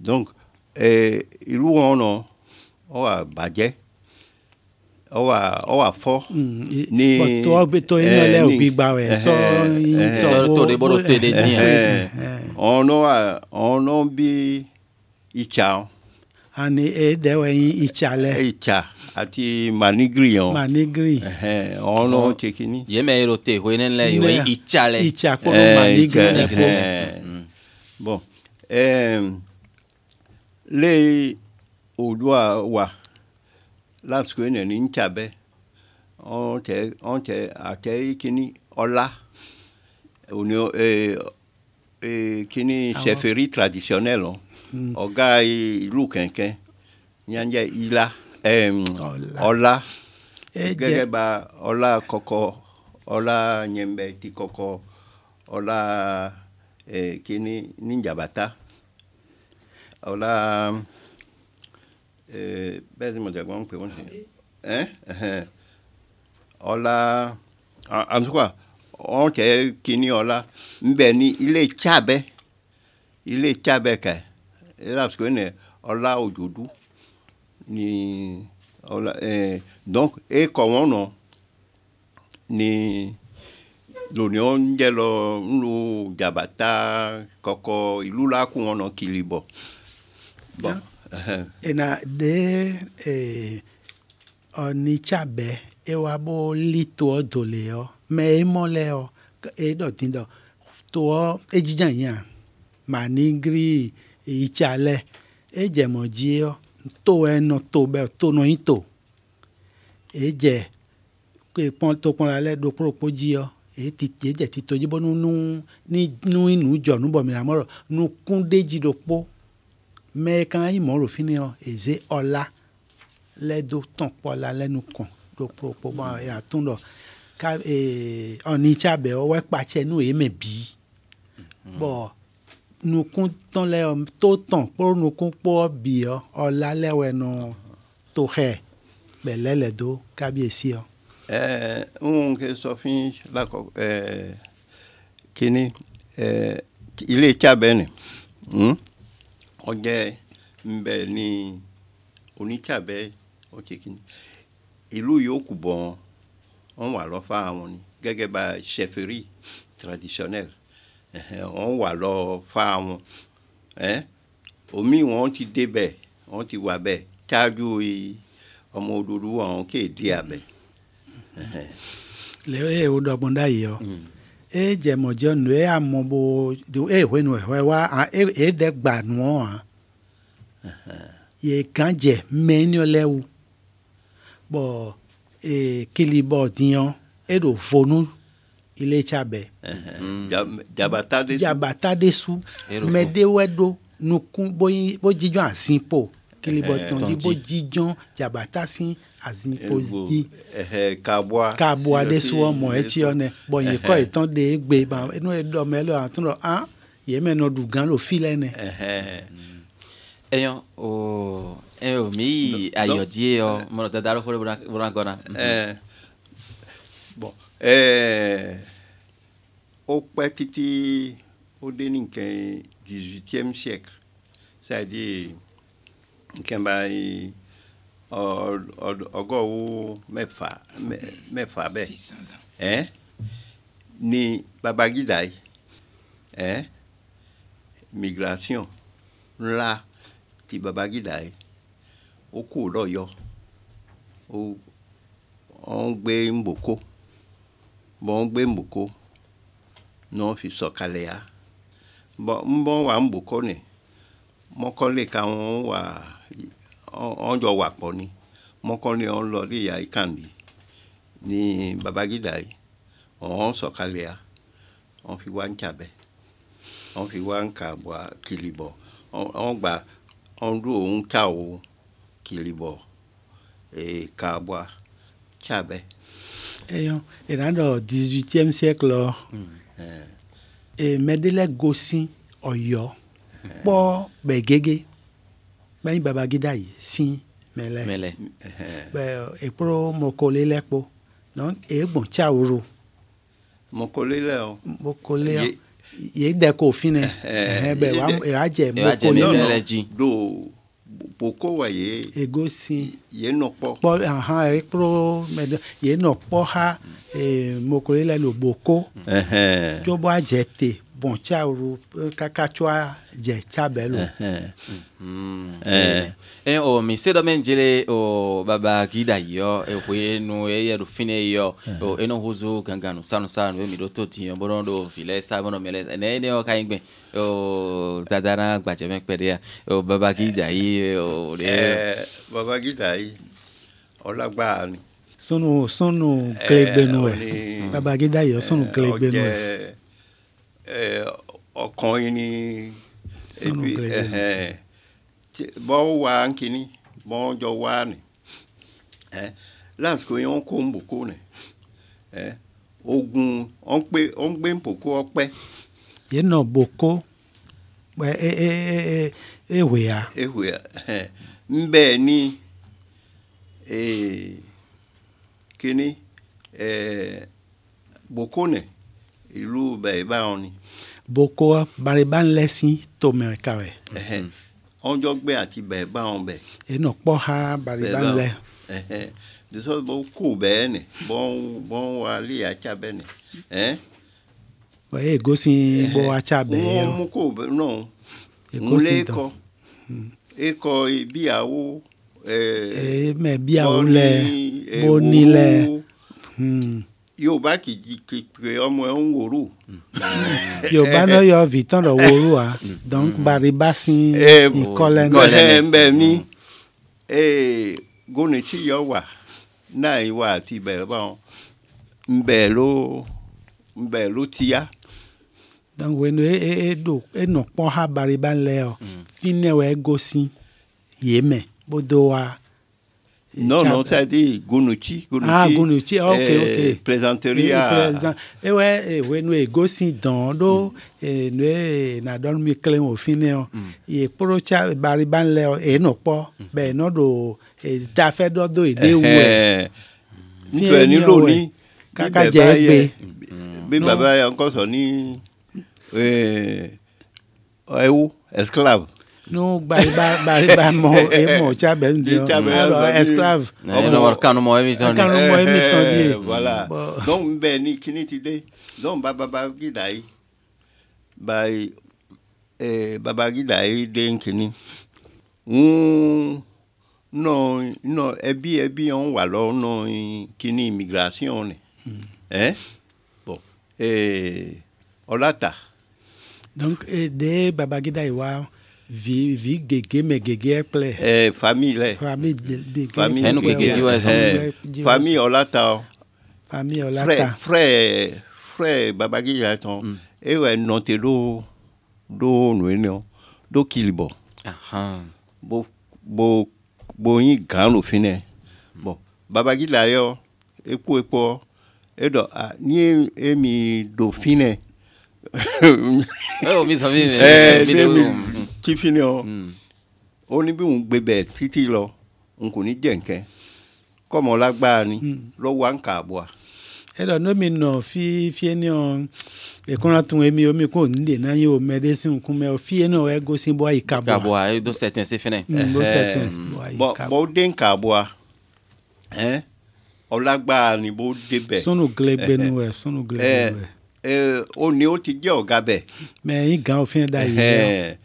Speaker 5: donc ìlú wọn nọ bàjẹ́ ọ wà mm-hmm. ní tọ́ gba wo de de ọ̀nà bí ìtsà. e àti manigiri manigiri. ọ̀nà tsekini.
Speaker 2: yéèmẹ̀ yìí ló tẹ̀ ìwé nílẹ̀ ìwé ìtsà lẹ.
Speaker 5: manigiri. le odua wa lasukue neni ntsabe ɔntɛ ɔntɛ atɛ kini ɔla oni ee ee kini sɛferi traditionnel o hmm. ɔga ilu kɛnkɛn nyanja ila ɛɛm ɔla gẹ́gẹ́ bá ọlá kọ́kọ́ ọlá nyẹ̀mbẹ̀ ti kọ́kọ́ ọlá ẹ̀ kíní níjàbátá ọ̀la eh, bẹ́ẹ̀ ni mo jẹ́ gbọ́n pé wọ́n ṣe ọ̀la àtúkọ̀ wọ́n tẹ̀ kíní ọ̀la ńbẹ ní ilé tsabẹ́ ilé tsabẹ́ kẹ ẹ̀rọ àtúkọ̀ ẹ̀ ọ̀la òjòdú ni ọ̀la ẹ̀ donc ekọ̀ wọn nọ ni lóni wọn ń jẹ lọ nínú jàbátà kọkọ ìlú la kú wọn nọ kiri bọ. Bon.
Speaker 3: ena de eh, onitsabe ewa bo li toɔ do le yɔ mɛ emɔ lɛ yɔ eɖɔ ti dɔ toɔ edzidza yia manigiri itsa lɛ edze mɔ dzi yɔ to ɛnɔ to bɛ to nɔ yin to edze kpɔn to kpɔn lɛ do kpɔn kpɔn dzi yɔ eti edze ti to dzi bo nu nu nu nu dzɔ nubɔ mi la mɔrɔ nukun de dzi do kpɔ me kan i moro fini o eze ola le do ton pola lenu kon do po po ba ya tun do ka e oni cha be o we pa che nu e me bi bo nukun tɔn lɛ tó tɔn kpɔ nukun kpɔ bi yɔ ɔla lɛ wɛ nɔ tó xɛ bɛlɛ lɛ do kabi esi yɔ.
Speaker 5: ɛɛ ń ke sɔfin lakɔ ɛɛ kini ɛɛ ilé tsa bɛ ni. Hmm? ọjẹ ńbẹ ní onitsabẹ kini ìlú yòókù bọ̀ wọ́n wà lọ fáwọn wọn ni gẹ́gẹ́ bá chefferie traditionnelle ẹ̀hẹ́n wà lọ fáwọn wọn omi wọn ti débẹ̀ wọ́n ti wà bẹ́ẹ̀ ṣáájú ọmọ òdòdó wọn kéde abẹ.
Speaker 3: lẹ́yìn ìwọ́dọ̀ àpọ̀ndá yìí ọ edze mɔdze e nu ye amɔ bo eye hoe nu hoe wa eye e de gba nuɔ hã ye gã dze mɛ nyɔ lɛ wo bɔn ee kili bɔ diɔ eɖo vonu ile tsa bɛ.
Speaker 5: Mm. jabata de su
Speaker 3: jabata de su e mɛ de wɛ do nukun bo jidzɔn asi po kili bɔ tɔn di bo jidzɔn jabata si azin pozdi
Speaker 5: kabwa kabwa ɖe soɔ mɔ etsi yɔ nɛ bɔn yi kɔ
Speaker 3: etɔn de egbe ba enu eɖɔ mɛ lɛ atɔ lɔ an yɛmɛ nɔ du gan lɔ fi lɛ nɛ.
Speaker 2: eyɔn o eyɔn mi yi ayɔdi yɛ yɔ mɔlɔ dada lɔ kɔrɔ bɔra gɔna. bɔn ɛɛ o eh. mhm. eh. pɛ
Speaker 5: titi o de ni nkɛ dix-huitième siècle c'est à dire nkɛ b'a ọgọ́wó mẹ́fà mẹ́fà bẹ́ẹ̀ ẹ́ ni Babangida yìí ẹ́ migration ńlá ti Babangida yìí ó kò lọ́yọ́ ó ń gbé mbòkó bọ́ ń gbé mbòkó ní wọ́n fi sọ̀kalẹ̀ ya bọ́ ń bọ́ wà mbòkó ni mọ́kànlé ka wọ́n wà. Wa ọjọ́ wà pọ̀ ni mọ́kànlẹ́ ọ̀hún lọ ìkànnì ní Babangida yìí ọ̀hún sọ̀kalẹ̀ ya fi wá ń tsabẹ́ wọ́n fi wá ń kà bọ́ kìlìbọ̀ gbà wọ́n dún òun tsa o kìlìbọ̀ ee kà bọ́ tsabẹ́.
Speaker 3: ìrànlọ dix-huitième siècle ọ mẹdẹlẹ hmm, gosi Ọ̀yọ́ kpọ bẹgẹgẹ báyìí Babangida yìí sí mẹlẹ mẹlẹ ekpro mokole lẹ kpo donc egbọn tsaworo.
Speaker 5: mokole lẹ o.
Speaker 3: mokole o yéé dẹ kó fin nẹ ẹhẹn bẹ wà á jẹ
Speaker 5: mokole lẹ dzi. do boko wa ye.
Speaker 3: ego si. yéé nọ kpɔ. kpɔ ahan ekpro mẹdọ yéé nọ kpɔ ha mokole mm. eh, lẹ lo boko. tó bó a jẹ te bon tsa ro kaka tsoa dze tsa bɛ lo.
Speaker 2: ɛ o mi se dɔ bɛ n jele o oh, baba gida yɔ eho eh, ye nu eye do fi ne yɔ o oh, eno hozo gangan nu sanu sanu emi eh, do to ti yɔ bɔdɔ do filɛ sa bɔdɔ mɛlɛ ɛnɛ ne yɔ ka ɲi gbɛn o oh, dadara gbadzɛmɛ kpɛ de ya o baba gida yi eh, o de. ɛɛ
Speaker 5: baba gida yi ɔlagba ni.
Speaker 3: sunu sunu kile gbɛnu ɛ e. baba gida yi sunu kile gbɛnu
Speaker 5: ɛ. E. ọkàn ni ebi bọ́n wá nkíní bọ́n jọ wá ni lásìkò yẹn wọ́n kó mbòkó ni ogun wọ́n gbé mbòkó
Speaker 3: yìí nọ bòkó ewe ya.
Speaker 5: ya mbẹ ni kíní bòkó ni. irú bẹ báwọn ni.
Speaker 3: boko bariba ńlẹsìn tòmẹ kàwé.
Speaker 5: ọjọgbẹ àti bẹ báwọn bẹ.
Speaker 3: ẹnà kpọ́ha bariba ńlẹ.
Speaker 5: dùsọ bó kó bẹ́ẹ̀ nì bọ́n wà lé àtsá bẹ́ẹ̀ nì.
Speaker 3: wọ́n yé egosi bó àtsá bẹ́ẹ̀ yẹn. wọ́n
Speaker 5: mú kó bẹ́ẹ̀ nọ.
Speaker 3: egosi tán
Speaker 5: múlẹ̀ ekọ ibiawo. ẹ hmm. mẹ biawo lẹ bó ni lẹ. Hmm yorùbá kì í pè ọmọ ẹ ń wòrò. yorùbá náà yọ
Speaker 3: vìtán lọ wòrò a donc mm. bariba sin eh, ìkọlẹ náà. ìkọlẹ ẹnbẹ
Speaker 5: eh, mi mm. eh, gónìtì yọ wà náà ìwà àti ìbẹ̀rẹ̀ báwọn ńbẹ̀ ló ńbẹ̀ ló ti yá.
Speaker 3: donc wẹnu e e e do e nọ kpọ́ ha bariba ọ mm. fi gosi yémẹ bó do wa. Mm.
Speaker 5: Non, non, ça dit Gonouti. Ah, Gonouti, ah, ok, eh, ok. Plaisanteria. Plaisan...
Speaker 3: Eh ouais, eh ouais, nous égosi dans l'eau, mm. et eh, nous na donne mi clé au fin. Et pour le chat, bariban le, et eh, non pas, mm. ben non do, et eh, t'as fait d'autres idées où.
Speaker 5: Nous avons une loni.
Speaker 3: Kaka jẹ gbe. Bí bàbá
Speaker 5: yẹn kọ́ sọ ní ẹ̀wú esclave
Speaker 3: nu bariba bariba mɔ emɔ
Speaker 2: tsabɛ nu de o alo esclave. ɛnɔ kanu mɔ emi tɔn de. kanu mɔ emi tɔn de. voilà
Speaker 5: donc n bɛ ni kini ti de donc babagida yi ba ɛɛ babagida yi den kini ŋun nɔ nɔ ɛbi ɛbi yɛn wà lɔ nɔ kini immigration ni ɛ bɔn ɛɛ ɔlata.
Speaker 3: donc eh, de babagida yi wa vi vi gege me gege kple.
Speaker 5: ɛ fami lɛ fami gege fami gege di wa ɛ fami ɔlata o.
Speaker 3: fami ɔlata frɛ
Speaker 5: frɛ frɛ babagi yɛrɛ tɔn e wa nɔte do do nu yen nɔ do kilibɔ. bo bo bo yin gan lo fi hmm. bɔn babagi la yɔ eku ekpɔ e eh, dɔ a ni e mi do fi nɛ. o mi sɔn mi mi mi de o tífì ni ọ hmm. ó ní bí òun gbé bẹ́ẹ̀ títí lọ òun kò ní jẹ nǹkan kọmọ lágbára ni hmm. lọ́wọ́ à ń
Speaker 2: kà àbọ̀ à.
Speaker 3: ẹ lọ ní omi nà fi fie ní ọ ìkúnra tún èmi omi kò ní lè náà yóò mẹdẹ sí nǹkan mẹ ọ fie náà ẹ gosi bọ àyíká bọ. ìkàbọ̀ à
Speaker 2: ló sẹ̀tẹ̀ sí fẹ́nẹ̀.
Speaker 3: ló sẹ̀tẹ̀ sí bọ àyíká
Speaker 5: bọ. bọ́ ó dé ń kà àbọ̀ à ọlágbára ni bó débẹ̀. sunu gilẹgbẹnu ẹ sunu gilẹgbẹnu ẹ. ó ní ó ti jẹ́ ọ̀gá bẹ̀.
Speaker 3: mẹ yín gan òfin dá yìí.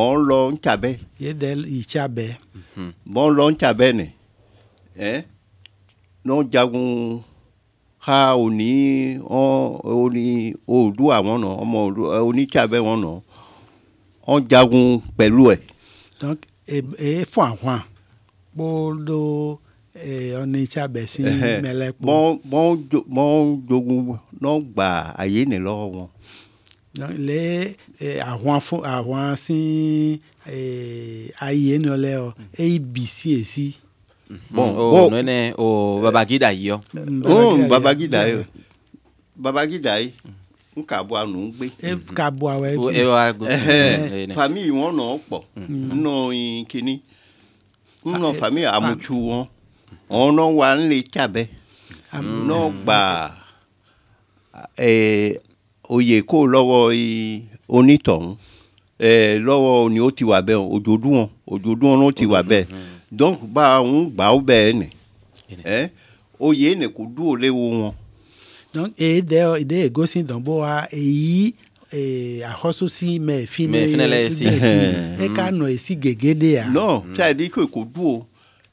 Speaker 5: ɔn lɔ ntsabɛ.
Speaker 3: ye dɛ itsabɛ.
Speaker 5: bɔn lɔ ntsabɛ nɛ ɛ n'o jagun ha oni ɔn oni odu àwọn nɔ ɔmɔ odu onitsabɛ wọn nɔ ɔn jagun pẹ̀lú ɛ.
Speaker 3: donc e fún àwọn kpolo onitsabɛ si mɛlɛ kpɔ.
Speaker 5: bɔn bɔn jogun n'o gba ayé nìlɔ wọn
Speaker 3: le eh, ahuan fo ahuan si eh, ayi enu le o abc esi. bon
Speaker 5: mm. o oh.
Speaker 2: nene o babagida mm, oh, yi o. o babagida yi babagida
Speaker 5: yi n kabo anu gbe. e kabo awọ ẹbi. cabo e wa go. famille wọn nọ pọ nọ kini nọ famille amutsu wọn ọ̀nà wa ń le tsabẹ nọ gbàá oyè kó lọ́wọ́ onítọ̀hún ẹ lọ́wọ́ ni ó ti wà bẹ́ẹ̀ ojoojúmọ́ ojoojúmọ́ ló ti wà bẹ́ẹ̀ donc bá ń gbà ó bẹ́ẹ̀ nì ẹ oyè nì kò dúró léwu wọn.
Speaker 3: donc èyí dẹ ìdẹ ègósìn dànbó wa èyí àkọsọsí mẹ fínlẹ ẹ ká nọ èsì gègé dé ya.
Speaker 5: non tí a kò dúró.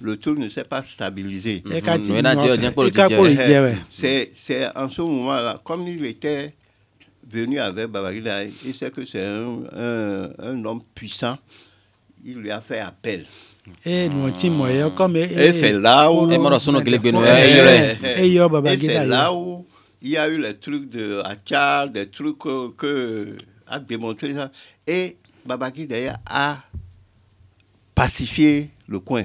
Speaker 5: le tour ne s'est pas stabilisé. Mm-hmm. Eh, c'est en ce moment-là, comme il était venu avec Babagida, il sait que c'est un, homme puissant, il lui a fait appel.
Speaker 3: Eh, ah. Et c'est là eh, où... Et c'est là
Speaker 5: il y a eu les trucs de Achal, des trucs que, a démontré ça. Et Babagida a pacifié le coin.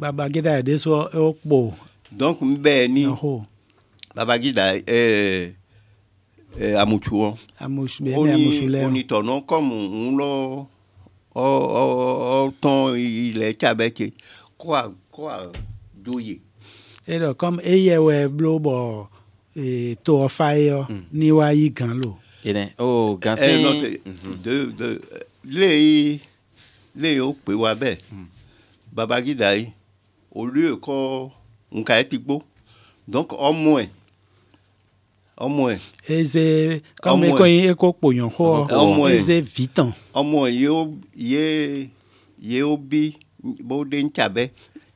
Speaker 3: babagida yɛ de sɔ ɛwɔ kpɔ.
Speaker 5: donc n bɛ ni Babangida ɛɛ ɛ amutsuɔ.
Speaker 3: amutsu bɛ ni amutsu lɛ.
Speaker 5: onitɔnɔ kɔmu ŋlɔ ɔ ɔ ɔtɔn ilẹ̀ tsabɛtse kɔa kɔa do ye.
Speaker 3: eyɔ kɔm eyɛ wɛ blo bɔ ee to ɔfa yɔ ni wa yi gan lo.
Speaker 2: yɛrɛ o ganse. ɛ nɔtɛ
Speaker 5: de de lee lee o pe wa bɛ Babangida yi au lieu kɔ nka etigbo donc ɔmɔɛ ɔmɔɛ.
Speaker 3: eze kɔmi ekɔ ye eko kpoyan xɔ ɔmɔɛ eze vitan.
Speaker 5: ɔmɔɛ yewo ye yewo bi bó de ń tsabɛ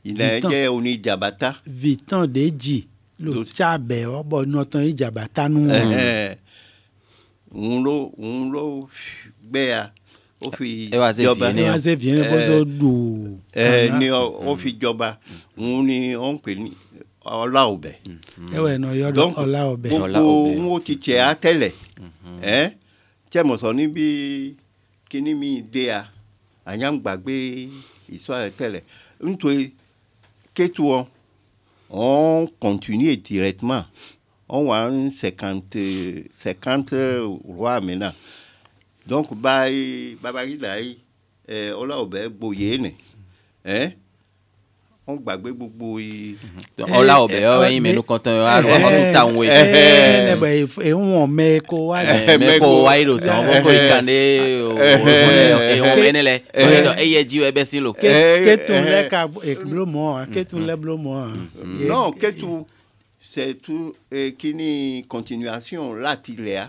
Speaker 5: yìnyɛn jɛ òní jabata.
Speaker 3: vitan de dzi lo tsabɛ ɔbɔ nɔtɔn ye jabata nu.
Speaker 5: ló ŋun ló gbɛya ó fi jọba ẹ wá ṣe fìyẹn bó tó dùn. ẹ ni ó fi jọba òun ni ó ń pè ní ọlá ọbẹ. ẹ wẹ̀ náà yọ gbogbo wọn ti tẹ̀ á tẹ̀lẹ̀ mhm. ẹ tẹ̀ mọ̀ mi dé a àyàngbàgbé ìsọ ẹ tẹ̀lẹ̀ nítorí kétu on continue directement on wà ń cinquante cinquante roi maintenant donc by Babangida eh, Ọláọbẹ Gbóyèénì eh? wọn gbàgbé gbogbo yìí. Mm-hmm.
Speaker 3: Ọláọbẹ eh, ọ ẹyin mẹnu kan tán ọ ọsùn táwọn wẹ. ẹnẹbẹ ehun ọmẹ ko wa yi. mẹ ko wa yi do tán kókó ìkànnì ehun ọmẹ nílẹ eyẹ jí ẹbẹ sí lò. kẹtùn lẹ ka bulo mọ kẹtùn lẹ bulo mọ. non kẹtùn
Speaker 5: c'est tout kini continuation láti lẹ́à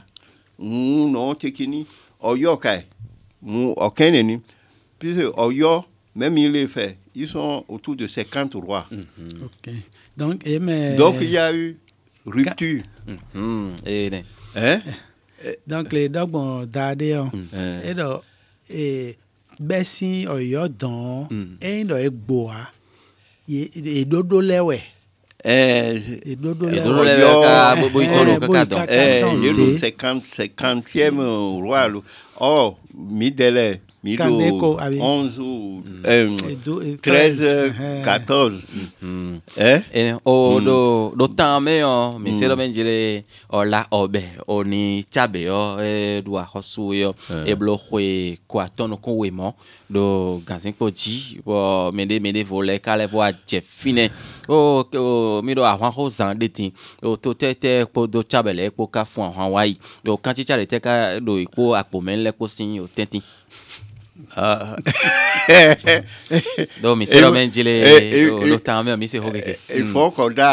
Speaker 5: ń nà ọ́ tẹ kini. Ɔyɔkae mu ɔkɛnɛni puisque Ɔyɔ même il est fait ils sont autour de 50 rois. Mm -hmm.
Speaker 3: Donc, et mais... Donc il y a eu
Speaker 5: rupture. Mm -hmm. et, eh,
Speaker 3: Donc les dog bon dade on. Et donc et eh, bẹ́sìn ọ̀yọ́ dán ẹ̀ mhm. ń eh, lọ ẹ̀ gbòà dodo lẹ́wẹ̀ẹ́ ìdodo
Speaker 5: cinquantième roi lo ɔ Milo, 11 ah ou
Speaker 2: mm. 13, 14. o do do tan me yo mi se le men jire o la obe o ni chabe yo e do hosu yo e blo kwe kwa tono kon we mo do gansin po ji bo mende mende vole kale bo a je fine o oh, o oh, mi do a hwan ho zan de tin o oh, to te te po do chabe le po ka fun hwan wa yi do kan ti chabe te ka do ipo e, apo men le ko sin yo, tentin donc misero mɛ n jele olu tan mɛ mi se ho keke. ifɔ kɔda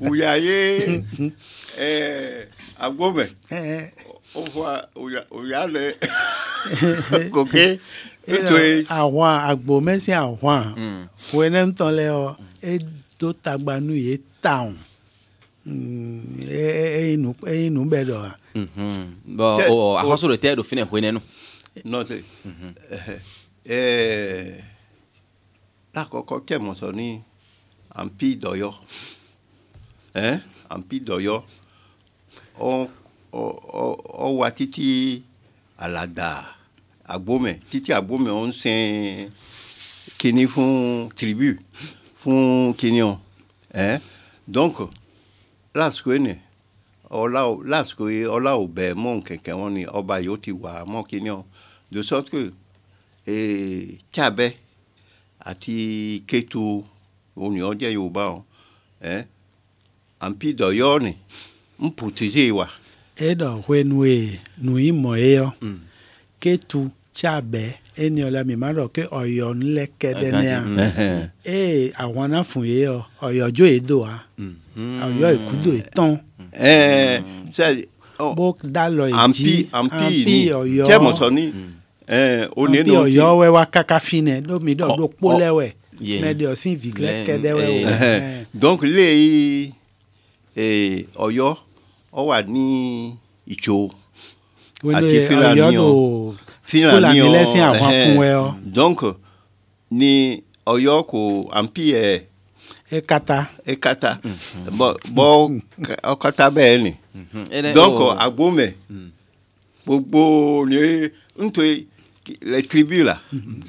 Speaker 5: uya ye agbome o fɔ uya lɛ
Speaker 3: koke nítorí. àwọn àgbò mẹ́sìn àwọn wo ẹni ń tán lẹ ọ ẹ tó tagbanú yìí tàn ẹ ẹ inú bẹ́ẹ̀ dọ̀ wa
Speaker 2: ahɔsoro tɛ do fina hwene no nɔte
Speaker 5: ɛɛ lakɔkɔ
Speaker 2: kɛ mɔsɔni
Speaker 5: ampi dɔyɔ ɛn ampi dɔyɔ ɔ ɔ ɔ wa titi alada agbome titi agbome ɔ sɛn kini fún tribu fún kini ɔ ɛn eh, donc lasukene ọlá lásìkò yìí ọlá ò bẹ̀ mọ́ kẹ̀kẹ́ wọn ni ọba yìí ó ti wà mọ́ kínní ọ de sorte que Tchabẹ àti Kétu ònìyàn jẹ́ Yorùbá ọ àǹpí dọ̀yọ́ ni ń pòtìjì wa.
Speaker 3: ẹ dọ̀ hwe nu e nu yìí mọ̀ ẹ yọ mm. Kétu Tchabẹ ẹni ọ̀la mi máa rọ̀ pé ọ̀yọ́ ńlẹ̀ kẹ́dẹ́ ní à ẹ àwọn anáfùn yìí ọ ọ̀yọ́jọ́ èdò wa mm-hmm. ọ̀yọ́ ìkúdò ìtàn ɛɛ sɛ
Speaker 5: bókdalɔ yi ampi ampi ɔyɔ tẹ mɔsɔni ɛɛ one no ti ampi ɔyɔ
Speaker 3: wɛ wa kaka fi nɛ lomi dɔ do kpo lɛ wɛ mɛ de ɔsi vigilɛ kɛ dɛ wɛ o.
Speaker 5: donc le ɔyɔ ɔwà ní ìtso àti fílàní o fílàní donc ni ɔyɔ kò ampi yɛ. E, ekata. ekata bɔn bɔn ɔkata bɛ yen ni mhm. donc agbome gbogbo ni ntoye les tribus là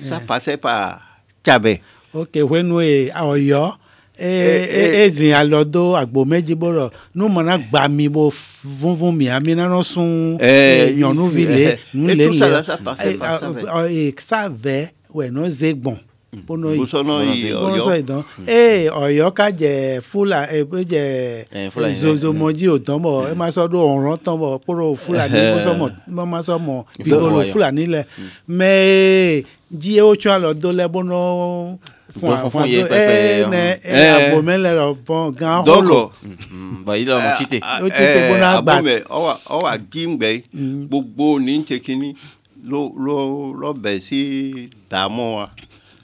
Speaker 5: ça passait par
Speaker 3: tsabɛ. ok wenu ye ɔyɔ ee ezi alɔ do agbo meji bo rɔ nu mana gba mi bo funfun mi ami nana sun nyɔnuvi le nu le le sa vɛ wɛ n'o ze gbɔn. Mm. pono yi gbósọnà yi ọyọ gbósọ yi fula, ee ọyọ ká jẹ fúlàní jẹ zozomoji ò tán bọ ẹ má sọ do ọràn tán bọ kóró fúlàní gbósọmọ mọ má sọ mọ bíbolo fúlàní lẹ mm. mẹ jí ó tún àlọ dó lẹ bọnà fún àwọn yẹ pẹpẹ ẹ ẹ abo mẹlẹ rẹ gan ọlọ dọlọ bayi la mo ti tẹ o ti tẹ bọnà gbà ẹ
Speaker 5: ọwà ọwà gígbẹ gbogbo ní tẹkíní ló ló lọ bẹ sí dààmú wa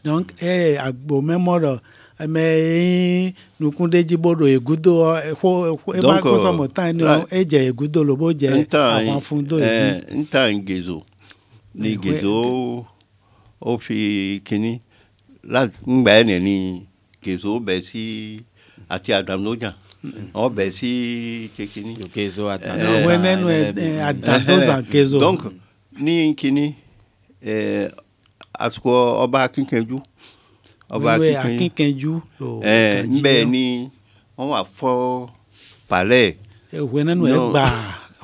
Speaker 3: donc eye eh, agbomemɔɖɔ ame yi nukunde dziboɖo egudo xɔ xɔ eba kɔsɔmɔ tan ni o edze egudo lobo dze àwọn fún do yìí.
Speaker 5: ntan gezo ni eh, gezo ó eh, fi kínní láti ngbà ẹ̀ nìyẹn gezo bẹ̀ sí àti àdàmúdójà ọ bẹ̀ sí kékinní. gezo àdàmúdójà ẹ ẹ àdàmúdójà gezo. donc ní kínní ẹ. Eh, àsìkò ọba akínkanjú ọba akínkanjú ẹ nbẹ ni wọn wà fọ palẹ ẹ wẹ nínú ẹ gbàá.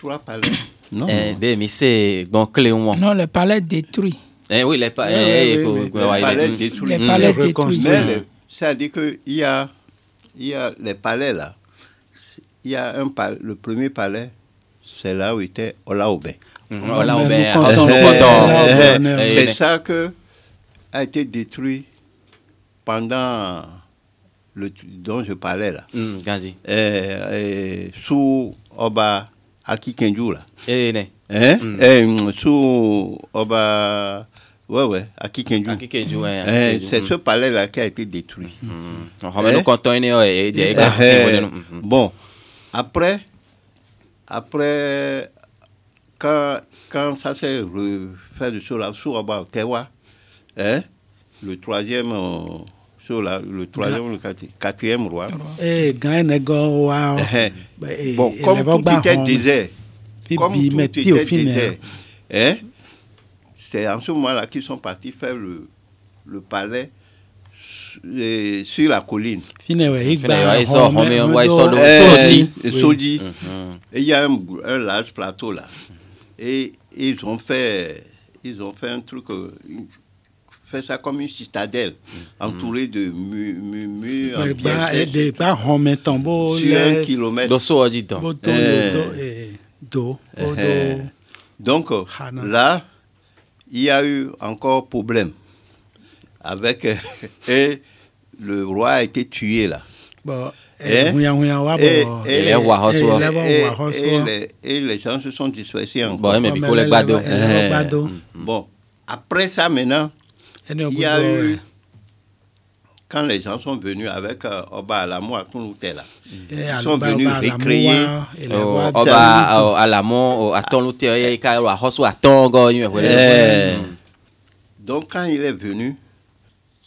Speaker 5: trois palais.
Speaker 2: Non. Eh, ben, mais c'est bon, clé Non,
Speaker 4: le palais détruit.
Speaker 5: Eh oui, les, palais détruits. Les mm. palais détruits. C'est-à-dire qu'il y a, y a les palais là. Il y a un palais, le premier palais, c'est là où était Olaobé. C'est ça que a été détruit pendant le dont je parlais là. et, mm, et, eh, eh, sous Oba à qui kenju là? Eh, eh ne? Eh, mm. eh, mm, sous, au bas, ouais ouais, a qui kenju? A hein? C'est mm. ce palais là qui a été détruit. On ne compte en rien. Bon, après, après, quand, ça s'est refait de ce là, sous au bas hein? Le troisième. Euh, le troisième, le quatrième, roi.
Speaker 3: Eh, wow. Eh, eh. bah, eh, bon, comme tout était désert, comme tout était disait,
Speaker 5: hein, c'est en ce moment-là qu'ils sont partis faire le, le palais sur la colline. Et il y a un, large plateau là. Et ils ont fait, ils ont fait un truc, euh, fait ça comme une citadelle, mm. entourée de murs,
Speaker 3: Des hommes Sur un kilomètre.
Speaker 5: Donc, là, il y a eu encore problème avec euh, et le roi a été tué là. et, les gens se sont dispersés encore. bon, après ça maintenant, il y a eu, quand les gens sont venus avec euh, Oba Alamo à mm. eh, ils sont venus recréer oh, Oba oh,
Speaker 2: oh, à Tonloutela, eh, eh. à
Speaker 5: Donc quand il est venu,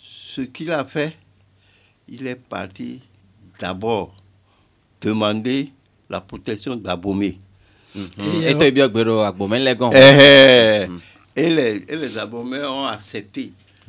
Speaker 5: ce qu'il a fait, il est parti d'abord demander la protection d'Abomé.
Speaker 2: Mm -hmm. Et,
Speaker 5: et les, les Abomé ont accepté.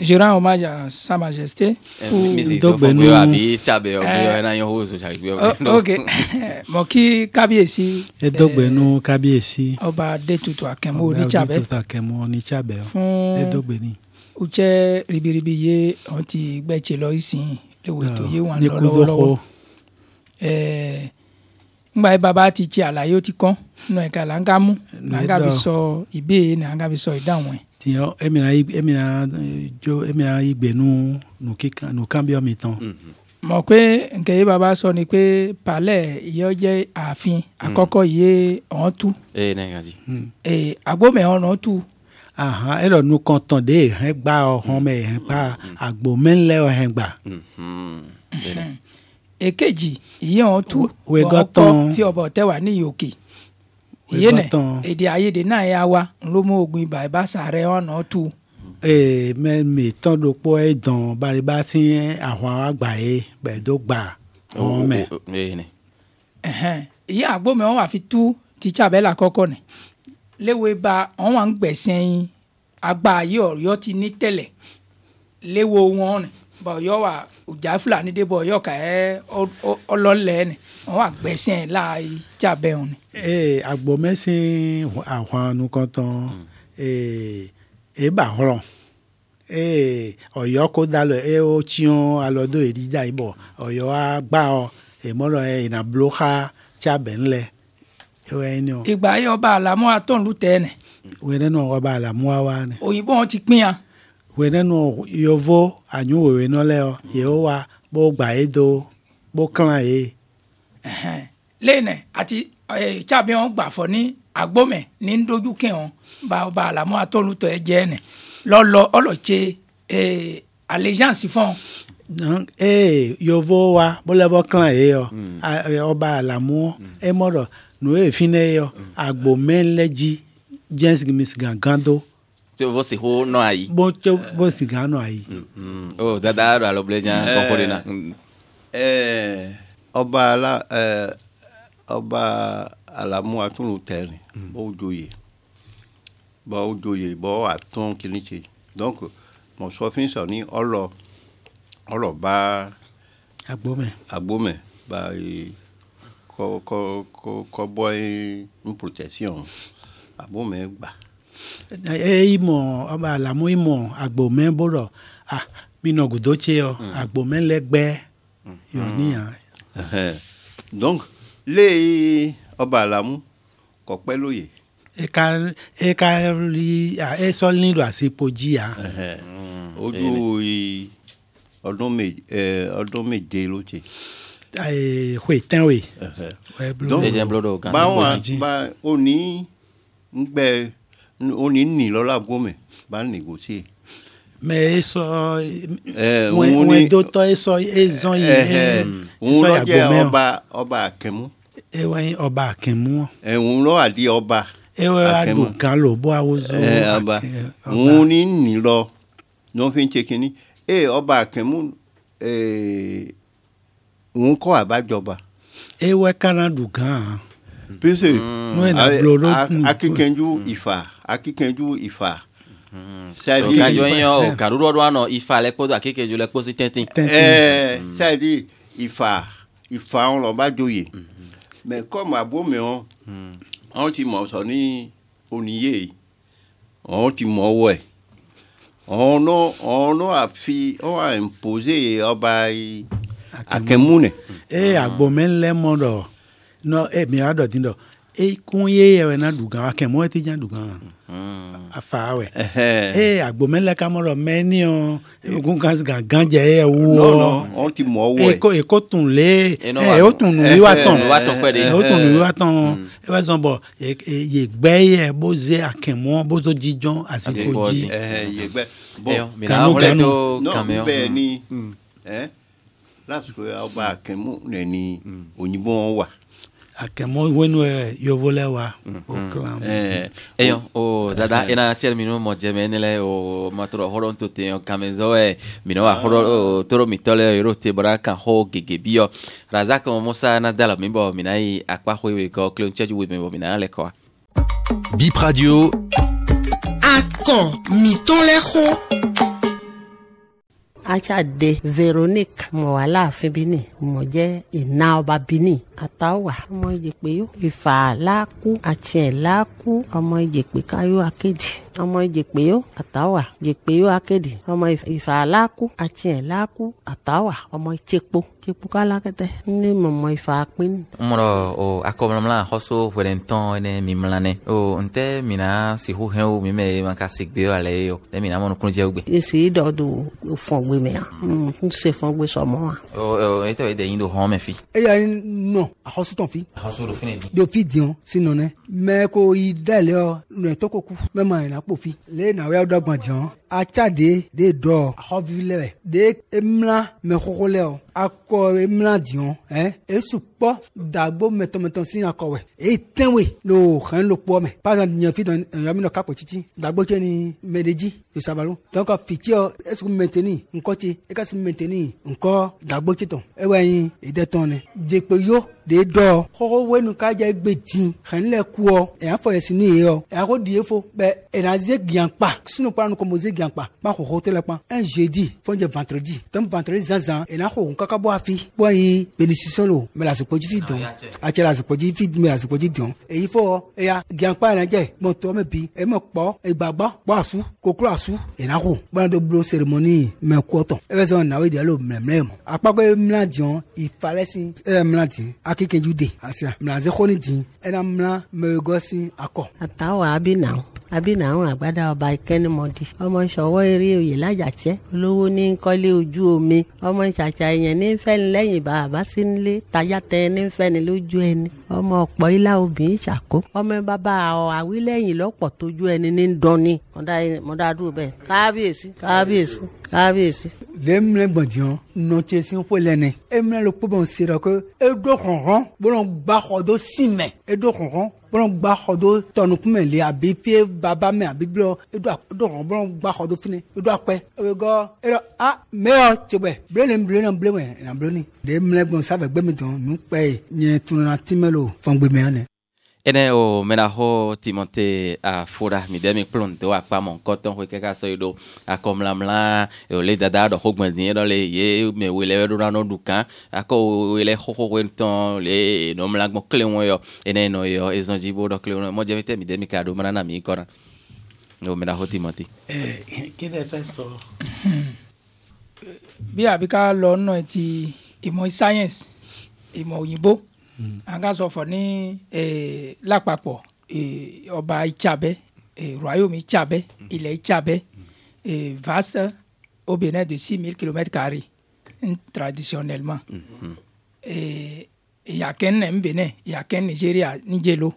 Speaker 4: je rends hommage à Sa Majesté. Eh, eh. oh, ok mo kí
Speaker 3: kábíyèsí. ẹ eh, dọ́gbẹ̀nu kábíyèsí.
Speaker 4: ọba adétutù akẹ́mọ́ oníṣàbẹ̀. ọba adétutù akẹ́mọ́ oníṣàbẹ̀. fún ẹ dọ́gbẹ̀ni. ó jẹ́ ribiribi yé ọ̀hún ti gbẹ̀tsẹ̀ lọ ìsìn léwu ètò ah, yé wọn lọ lọ́wọ́lọ́wọ́. ngba yìí baba ti ṣe àlàyé ó ti kán nù ẹ̀ka là ń ká mú là ń ká fi sọ ìbéèrè là ń ká fi sọ ìdáhùn ẹ̀
Speaker 3: tiɲɛ e mina e mina jo e mina i gbẹnu nuki kan nukan bi ọmi tan.
Speaker 4: mọ̀ pé nkẹ́ yìí bàbá sọ ni pé palẹ̀ yóò jẹ́ ààfin mm. àkọ́kọ́ yìí ọ̀hún tú.
Speaker 3: ee ne ka di. ee agbome ọ̀nà tú. ahan ẹ̀rọ nu kan tán de ẹ̀hẹ́n gba ọ̀hún mẹ́ ẹ̀hẹ́n gba agbomẹ́lẹ̀ ọ̀hẹ́n gba. èkejì
Speaker 4: ìyẹn ọ̀hún tú ọ̀hún kọ́ fi ọ̀bọ̀ tẹ́wà ní ìyókè
Speaker 3: yene èdè àìyedè náà yà wa ló mú ogun ibà ibà sàárẹ ọ̀nà tù. ee mẹ́mi tán ló pọ̀ ẹ̀ dàn bàrìbá sí àwọn àgbà yìí pẹ̀lú gbà wọn
Speaker 2: mẹ́.
Speaker 3: ìyá àgbọ̀mọ̀ wọn wà fi tú títsà bẹ́ẹ̀ lákọ́kọ́ ni
Speaker 4: léwe ba wọn wà ń gbẹ̀sẹ̀ yín àgbà yìí ọ̀rọ̀ ti ní tẹ̀lẹ̀ léwo wọn ni bọyọ wa ọjà Fúlàní dé bọyọ ka ẹ ọlọlẹ ni wọn wà gbẹsẹ
Speaker 3: la jabẹ wọn. ee agbomẹsin ahwanu kọtọn ee eba họrọn ee Ọ̀yọ́ kó dalọ ee o tiọn alọdo erida ibọ Ọ̀yọ́ wa gbà ọ emọlọ ẹ yina bloxa jabẹ nlẹ ewẹ ni o. ìgbà yẹ ọba àlámọ́ atọ́nlu tẹ́ ẹ nẹ. wẹ́rẹ́ náà ọba àlámọ́ wa nẹ. òyìnbó wọn ti pín ya wenenu yovo anyu wewe no leo yehowa bo gba ye do bo kan ye. E.
Speaker 4: lẹ́nẹ̀ àti tsabi e, wọn gbà fọ ní agbómẹ ní ń dojú kí wọn bàbá àlàmú atọ́lùtọ̀ ẹ e jẹ́ ẹnẹ lọ́lọ́ ọlọ́tse allegiance fún.
Speaker 3: ee yovo wa bólẹ́bọ̀ kan ye yọ ọba hmm. àlàmú ẹ mọ̀rọ̀ nù efin ne yọ hmm. agbomẹ́lẹ́dzi jẹ́nsìmísì gàngán tó. Mm
Speaker 2: vos si ho nɔ ayi.
Speaker 3: bó tso bó siga nɔ ayi.
Speaker 2: o dada alo alo bile
Speaker 3: nya kɔkɔ de na.
Speaker 2: ɛɛ
Speaker 5: ɔba ala ɛɛ ɔba alamu atunu tɛri o joye bɔn o joye bɔn atɔn kini tse donc mɔsɔfin sɔni ɔlɔ ɔlɔ ba. agbome. agbome ba ee kɔ kɔ kɔ kɔ bɔ ee n protection agbome gba.
Speaker 3: imo aba alamu imo agbome boro ah mino gudoche o agbome
Speaker 5: donc ọba alamu kò pẹ́ lóye.
Speaker 3: eka eka mm,
Speaker 5: ojú ọdún ọdún méje
Speaker 3: tɛn
Speaker 5: donc on est ni là gomme va négocier
Speaker 3: mais eso wọn do tọ eso ezọ yìí eso o gbọmọ
Speaker 5: ọba ọba akẹmu.
Speaker 3: ewa yin ọba akẹmu.
Speaker 5: ẹ̀hún lọ àdí ọba akẹmu. ewa adùnkàn
Speaker 3: ló bó awozo. ẹ ọba
Speaker 5: òun ní nìlọ ní wọn fi ń ṣe kínní ẹ ọba akẹmu òun kọ àbájọba.
Speaker 3: ewa do gan pese mm. akíkanjú
Speaker 5: ìfà mm. akíkanjú ìfà sadi ọkadjọ yẹn o kaɖuɖɔ do anɔ ìfà lɛ kpɔdo akíkanjú lɛ kpɔsi tɛntin. ɛɛ sadi ìfà ìfà wọn lọ bá joyè mɛ kɔmi abome wọn wọn ti mọ sọ ní oníyé wọn ti mọ wọ ẹ wọn nọ wọn nọ àfi wọn à ń pose ọba akẹmúnẹ.
Speaker 3: ee eh, agbomẹ ńlẹ mọ dọ nɔ e mi a dɔ ti dɔ e kun ye yɛwɛ na dugan wa kɛmɛ wɛ ti jan dugan a fa wɛ e agbomɛlɛ kamɔrɔ mɛ ni ɔ ogun kan gan ganjɛ e yɛ wɔ e ko e tun le ɛ o tun nu yi wa tɔn o tun nu yi wa tɔn e b'a sɔn bɔn ye gbɛ yɛ bo ze a kɛmɛ bo to di jɔn a si ko ji
Speaker 5: kanu kanu n'o bɛ ni ɛ lásìkò aw b'a kɛmɛ nɛni
Speaker 2: òyìnbó wa
Speaker 3: akɛmɔ wenu ɛ e, yovo lɛ wa. Mm-hmm. o kilan.
Speaker 2: Eh, mm-hmm. eyɔn o dada ina eh, eh. tiɛ minnu mɔ jɛmɛ ne lɛ o matɔrɔ hɔrɔn to ten o kamezɔ ɛ e, minɛ wa hɔrɔn o toro mitɔ lɛ yɔrɔ te bɔra kan hɔ gege bi yɔ razak musa na da la mi bɔ mina yi akpa ho ewe kɔ kilo ntɛju wo mi bɔ mina lɛ kɔ wa.
Speaker 3: bip radio.
Speaker 6: akɔ mitɔ
Speaker 3: lɛ xɔ
Speaker 6: aṣáde Veronique mọ wà láàfin Benin mọ jẹ ìná ọba Benin àtàwà ọmọ ìjèpè yó ìfà làákú àti làákú ọmọ ìjèpè káyọ̀ akéjì ọmọ ìjèpéyó àtàwà ìjèpéyó akéde ọmọ ìfàlákú àtiẹ̀lákú àtàwà ọmọ ìtsepo tsepo kalakẹtẹ ní mọmọ ìfàpín.
Speaker 2: mọ̀rọ̀ o akọ̀mọ̀lá xɔso wẹ̀rẹ̀ntɔn ɛnɛ mimla nɛ o ntɛ mina si huhɛn o mimɛ ma ka si gbe alɛ ye o ɛ mina mɔnu kunjɛ gbe.
Speaker 6: esi dɔ do fɔgbe mɛ yan n se fɔgbe sɔmɔ wa.
Speaker 2: ɔ ɔ e tɛ o de yin do fi.
Speaker 6: e
Speaker 1: y'a ye nɔ fi. a xɔso do fi di. do di o sinɔnɛ mɛ ko i dayɛlɛ ɔ kpofi le nawuya dɔ gbɔn jɔn atsade de de dɔ xɔvi lɛ de emla mɛ koko lɛ o. akɔre mla diɔn ɛn esukpɔ dagbo mɛtɔmɛtɔ si akɔwɛ etɛnwe lo xɛn lo kpɔ mɛ pasa nyɛfi dɔn ɛyɔmi dɔ kakpɔ titi dagbo tse ni mɛdedzi yosabalu donc fitiɛ esuku mɛntɛni nkɔ tse ekasi mɛntɛni nkɔ dagbo tse e e tɔn ewɛnyi edetɔn nɛ dzekpeyo de dɔ xɔxɔ wɛnu kadza egbe ti xɛn lɛ kuɔ ɛyafɔ yɛsi ni yeyɔ ko di efo bɛ ɛnaze e giankpa sinu kpa nu kɔmɔ ze giankpa kpa xɔxɔ tɛ lɛ kpa un jeudi fɔnjɛ vendredi tɔn vendredi zanzan ɛnaxɔ nka ka bɔ afi bɔ ye belisi solo mɛ lasopɔ jifi dɔn a cɛ lasopɔ jifi mɛ lasopɔ ji dɔn èyí fɔ eya giankpa yɛrɛ jɛ mɔtɔ mɛ bi e mɛ kpɔ egbagbɔ kpɔ asu koklo asu ìnáko bọ́n tó bolo sẹrẹmọ́nì mɛ kɔtɔ e bɛ sɔn nàwé de alo mìlẹ̀mìlẹ̀ mɔ akpakɔ ye mìlẹ̀ diɔn ìfalɛsi e yɛrɛ mìlẹ̀ di akekeju de asi mìlẹ̀ zɛkɔni di
Speaker 6: ɛna mìlẹ̀ mɛ gɔsi akɔ. a ta wa a bi na abínà àwọn àgbàdá ọba ìkẹ́nimọ̀dì ọmọ ìṣọwọ́ eré oyè lájàjẹ́ olówó ní kọ́lé ojú omi ọmọ ìṣàṣà èèyàn ní fẹ́ni lẹ́yìn bàbá sí nílé tayátẹ ní fẹ́ni lójú ẹni ọmọ ọ̀pọ̀ ilá obìnrin ṣàkó ọmọ bàbá àwílẹ̀yìn lọ́pọ̀ tójú ẹni ní dọ́ni mọ̀dádúró bẹ́ẹ̀ kábíyèsí kábíyèsí kábíyèsí. lẹ́mìnlẹ́ gbọ̀ndìyàn nọ̀tí sin fọlẹ́ni ẹ̀mìnlẹ́ ló pọ̀ bọ̀ ń ṣe rẹ̀ pé
Speaker 1: ẹ̀dọ́ kọ̀ọ̀kan gbọ́dọ̀ gbàkọ̀dọ̀ sí mẹ́ ẹ̀dọ́ bɔlɔn gba xɔ do tɔnukume le abe fie baba me abe blɔ edo dɔrɔn bɔlɔn gba xɔ do fine edo akpɛ ebe gɔ eɖɔ a meyɔ tso bɛ blene blene blene na blene. ɖe mlɛ gbɛmidɔn nukpɛ yi nye tunana timɛ lo fɔngbemɛ
Speaker 2: ene o mena xɔ timɔte afoɖa mi de mi kplɔ ŋdɔ akpa mɔ nkɔtɔn xoe kɛkɛ asɔ yi do akɔmlamla o le dada dɔ xɔ gbɛnzi dɔ le ye mɛ wele ɛɖo na no du kan akɔ wele xɔxɔxɔ ŋutɔn le nɔmlagbɔ kle ŋu yɔ ene nɔ yɔ ezɔnji bo dɔ kle ŋu mɔdze mi te mi de mi ka do mena na mi kɔna o mena xɔ timɔte.
Speaker 3: ɛ kí ni ẹ fẹ́ sọ.
Speaker 4: bí àbíká lọ nọ ti ìmọ̀ sáyẹ́nsì ìmọ̀ òyìnbó. Mm. angasọfọ ní lápapọ̀ ọba ìtsabẹ royaume ìtsabẹ ilẹ̀ ìtsabẹ vaste au Bénin de six mille kilomètres carrés traditionnellement mm-hmm. ìyàkẹ́ nẹ̀ ń Bénin ìyàkẹ́ Nigeria níjẹ̀ló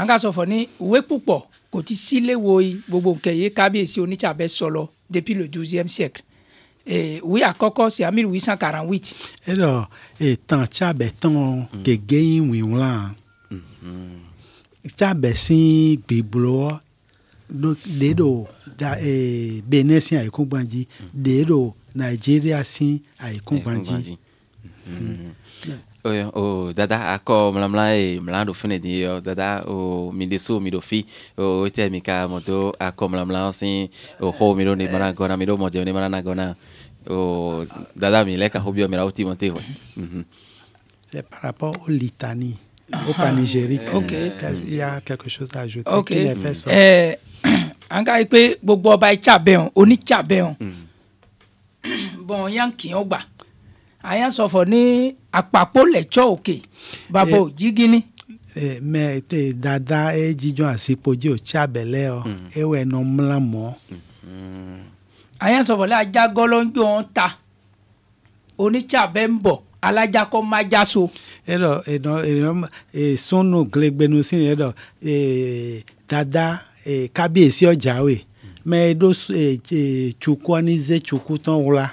Speaker 4: angasọfọ ní ìwé púpọ̀ kò ti sílé wo gbogbo nkẹyẹ kábíyèsí onítsabẹ sọlọ depuis le douzième siècle. Eh, wi àkọ́kọ́ si amil huit cent quarante huit.
Speaker 3: e dɔ etan tsabɛ tɔn gege wiwla tsabɛ si gbigblɔ de do benin si àyíkó gbandzi de do nàìjíríà si àyíkó gbandzi.
Speaker 2: oyo o dada akɔ mlamla ye mla do fɛnɛ di yɔ dada o mi de so mi do fi o tɛ mi ka mɔto akɔ mlamla si o xɔ mi ne mana gɔna mi do ne mana na gɔna dada mi lɛ ka hobiyɔ mi la o ti mɔ te wɛ. Mhm.
Speaker 3: c'est par rapport au litani au ah. panégyrique. ok il y a quelque chose à ajouter. ok ɛɛ
Speaker 4: an ka ye pé gbogbo ọba ye tsabɛn o oní tsabɛn o bɔn yan kìnyɛn gbà
Speaker 3: a y'a sɔfɔ ní àpapọ̀ lẹ́tsọ̀ òkè bàbá o jigini. mɛ te dada e jijɔn asipo di o tsabɛlɛ o ewɛ nɔ mlamɔ àyẹ̀sọ̀bọ̀lá ajá gọ́lọ́njọ́ ń ta onítsàbẹ̀ ń bọ̀ alajakọ majaso. ẹlọ ẹnọ ẹnọ sunu glegbenu si ni ẹlọ dada kábíyèsí ọjà we mẹ edo tsukọ ni ze tsukọ tán wla.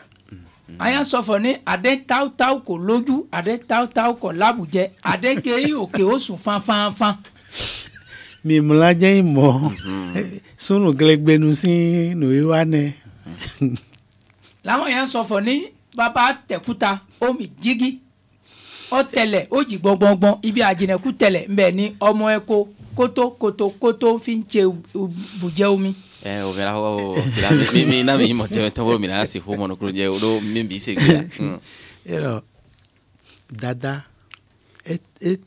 Speaker 4: a yà sọfọ ní adé táwtáw kò lójú adé táwtáw kò lábùjẹ adé kéyí òkè ó sùn fanfanfan.
Speaker 3: mímúlájẹ́ ìmọ̀ mhm. sunu glegbenu sí nùyí wa nẹ.
Speaker 4: làwọn yẹn ń sọ̀fọ̀ ní bàbá tẹ̀kúta omi jígí otele ojì gbọ̀ngbọ̀ngbọ̀n ibi àjìnẹ̀kú tẹ̀lẹ̀ ńbẹ̀ ní ọmọ ẹ̀kọ́ kótó kótó kótó fi ń tse bùjẹ́ omi.
Speaker 2: ẹ o kɛra ko sira mi mi n'a mi mɔ tɛmɛ tɔgɔ na a si fo mɔnɔkuru jɛ o b'i
Speaker 3: dada.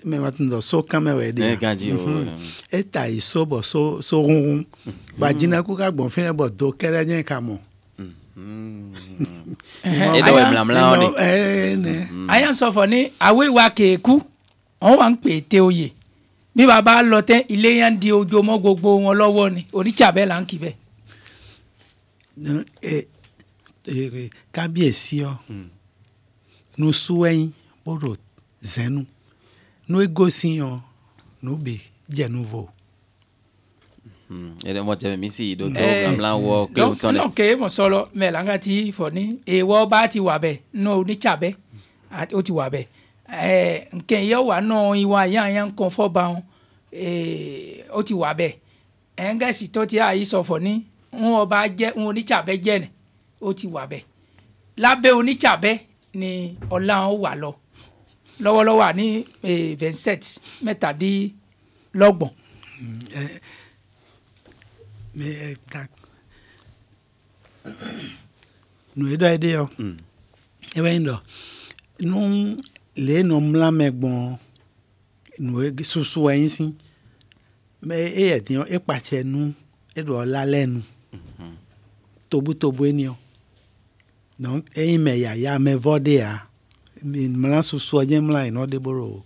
Speaker 3: mɛmatunda so kamɛ wɛ de ya e ta yi so bɔ so so hunhun mhm. ba jinaku ka gbɔn fɛnɛ bɔ do kɛlɛ ɲɛ ka mɔ.
Speaker 7: e
Speaker 3: dɔw ye milamila o de. a y'a eh, eh, mhm. sɔ fɔ ni awo wa
Speaker 4: keeku wọn wà ń pè é tẹ o ye bí baba lọ tẹ ilé yẹn di ojúmọ́ gbogbo wọn lọ́wọ́ ni onítsàbẹ là ń kí bẹ.
Speaker 3: kábíyèsí e, e, e, ọ mm. nusu ẹyin bó do zẹnu nuegosiyan nube dzenuvo.
Speaker 2: ɛdɛ hmm, e mɔ tɛmɛ misi do to gamla eh, wɔ eh, kile tɔn dɛ. donc
Speaker 4: ke mɔ sɔlɔ mɛ la n ka ti fɔ ni ewɔ ba ti wa bɛ n'o ni tsa bɛ o ti wa bɛ ɛɛ eh, nkɛ yɛ wa nɔ iwa yan yan kɔn fɔ ban o ti wa bɛ ɛnkɛsi tɔ ti a yi sɔ fɔ ni n wɔ ba jɛ n wo ni tsa bɛ jɛ ni o ti wa bɛ labɛn o ni tsa bɛ ni ɔlan o wa lɔ lọ́wọ́lọ́wọ́ ní eh, vincent mẹ́tàdínlọ́gbọ̀n.
Speaker 3: Mm, eh, eh, nu edo ede yɔ mm. ebe yin dɔ nu le nɔ mla mɛ gbɔn nu e, susu ɛyin e si mɛ eyɛ diɔ ekpatsɛ nu eɖɔ la lɛ nu
Speaker 7: mm-hmm.
Speaker 3: tobutobu eniɔ donc eyin mɛ yaya mɛ vɔ de ya. Mm -hmm mla susua nye mla yi nɔ de boro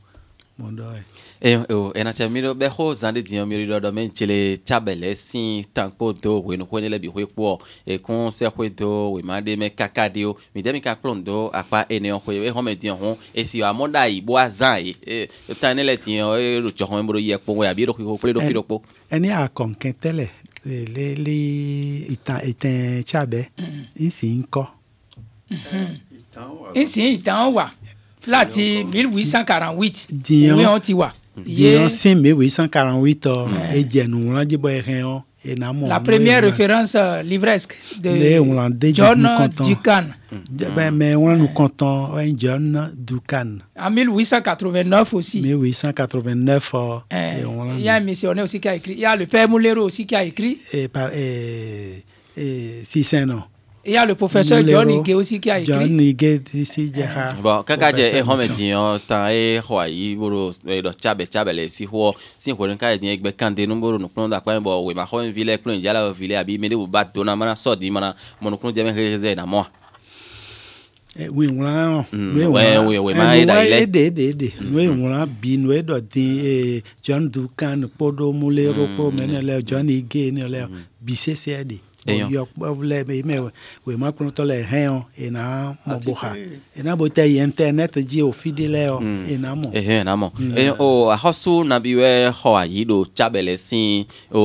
Speaker 3: mɔdɔ yi. eyo
Speaker 2: eyo ɛnatsɛ mi ɖo bɛ xɔ zan de diɲɛ mi ɖo ɖɔ mɛ ntsele tsabɛlɛ si tankpo do wenu xɔ ne le bi xɔ kpɔ ekun sɛxɔ do wema de mɛ kaka de o mi de mi ka kplɔ do akpa ene xɔ ye exɔ me diɲɛ xɔ esi eh, wa mɔda yi bo azan yi eh, ee eh, ta ne le diɲɛ eɖo tsɔ xɔ mi bolo yi ekpo wɔ abi eɖo xɔ kple eɖo
Speaker 3: akɔnkɛ tɛlɛ lele itan itan tsabɛ isi ŋkɔ.
Speaker 4: Ici, il est en haut. Là, 1848. Il est en haut. C'est
Speaker 3: 1848. La première
Speaker 4: référence euh, livresque de John Ducan.
Speaker 3: Mais on nous content. En 1889 aussi. 1889. Il y
Speaker 4: a un missionnaire aussi qui a écrit. Il y a le père Moulero
Speaker 3: aussi qui a écrit. Et si c'est non. il y a le professeur John Ige aussi qui a écrit John Ige ici jaha bon kaka je e home
Speaker 2: dio ta e hwa yi boro e do chabe chabe le si ho si ho nka e gbe kande no boro no kronda kwa bo we ma ho ville klo nja la vile abi me de ba do na mana so di mana mo no kron je me he ze
Speaker 3: oui on we oui we wla we we ma e da ile de de de we wla bi no John ducan podo mule ro po le John Ige ne le bi se se yɔ wòle yi mɛ wòye ma kplɔ tɔ le hɛn yɔ yina mɔbɔ ha yina bo tɛ yen tɛ ne te dzi ofi di lɛ yɔ yina mɔ.
Speaker 2: ehe yina o axɔsu nabi wɛ xɔ ayi do tsabɛlɛ si o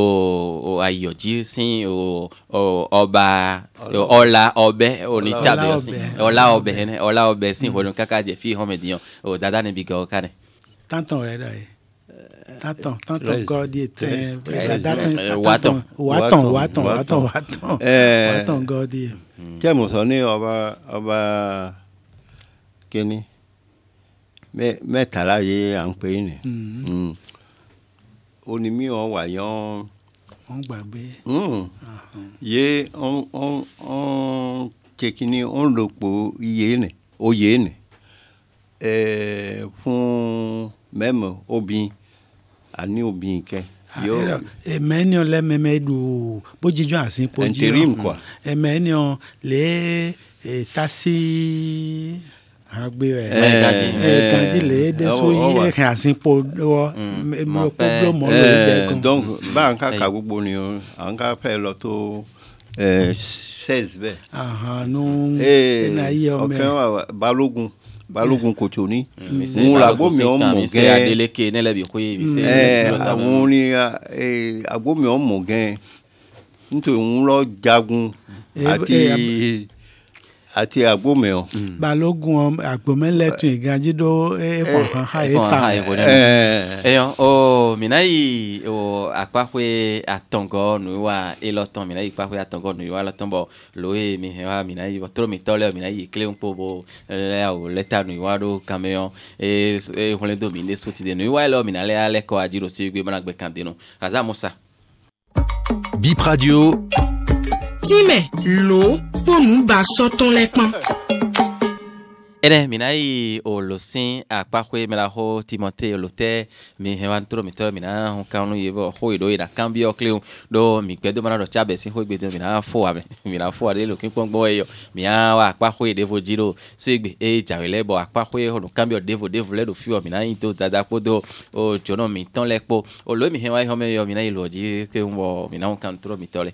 Speaker 2: o ayɔdzi si o o ɔba ɔla ɔbɛ oni tsabɛlɛ si ɔla ɔbɛ hɛnɛ ɔla ɔbɛ si wòle kaka dze fi hɔn mɛ di yɔ o dada ni bi gɛ o ka ne.
Speaker 3: tantɔ yɛrɛ ye tantôt, tantôt, Gaudier. Wàtàn. Wàtàn, Wàtàn, Wàtàn, Wàtàn. Wàtàn Gaudier.
Speaker 5: Tí mo sọ ní ọba ọba kínní mẹ́tàlá yìí à ń pè é nì. Onímí mm-hmm. mm. ọ̀ wà yán.
Speaker 3: Wọ́n gbàgbé. Mm.
Speaker 5: Yé ọ̀n ṣe kínní ọ̀n lòpọ̀ iye nì oyè nì eh, fún mẹ́mọ̀ obìnrin ani obin kɛ. Ah,
Speaker 3: mɛ ni lɛ mɛmɛ do bójijɔ asin poji interim quoi. mɛ ni lɛ tasi agbe ɛ gadi le deso yi ɛkɛ asin po wɔ mɛ pɔblɔ mɔ lɛ bɛ donc
Speaker 5: bá an ka ka gbogbo ni o an ka fɛ lɔ tó seize bɛ.
Speaker 3: ahan nu ɛna yi ɔmɛ.
Speaker 5: ọkàn wa balógun balogun koto mm, mm. eh, ni ŋun la gbɔmiɔ mɔ gɛn adeleke ne le bi ko ye bi se ɛɛ ŋun ni ee agbɔmiɔ mɔ gɛn nítorí ŋun lɔ jagun ati eh, eh,
Speaker 2: ati agbome o. Mm.
Speaker 3: balogun agbome um, lẹtun iganji do efon eh, kan ha ye tan.
Speaker 2: eyan o mina yi o akpakoe atɔngɔ nuyiwa elɔtɔn mina yi akpakoe atɔngɔ nuyiwa lɔtɔn bɔ loye mihewa mina yi toromitɔ lɛ mina yi kile ŋkpo bo lɛ o lɛta nuyiwa do kame yɔ ee ehunle do mi ne soti de nuyiwa lɛ o mina lɛ alɛ kɔ adi do si gbe mana gbɛ kan de no raza musa. bip radio
Speaker 6: time lo ponu ba sɔtɔn lɛ kpɔn.
Speaker 2: ene mina yi o lo akpakoe mela xɔ timote lo tɛ mi hɛn wa mina ho kan nu yi bɔ xɔ yi do yina kan bi yɔ do mi gbɛdo mana do tsa si xɔ gbedo mina fo wa mina fo wa de lo kinkpɔn gbɔ eyɔ mia wa akpakoe devo dzi do so egbe eye dzawe lɛ bɔ akpakoe xɔ kan bi devo devo lɛ do fi mina yi do dada kpo do o tso nɔ mi tɔn lɛ kpo o mi hɛn yi xɔ mi yɔ mina yi lo dzi pe ŋu bɔ mina ho kan ntoro mi lɛ.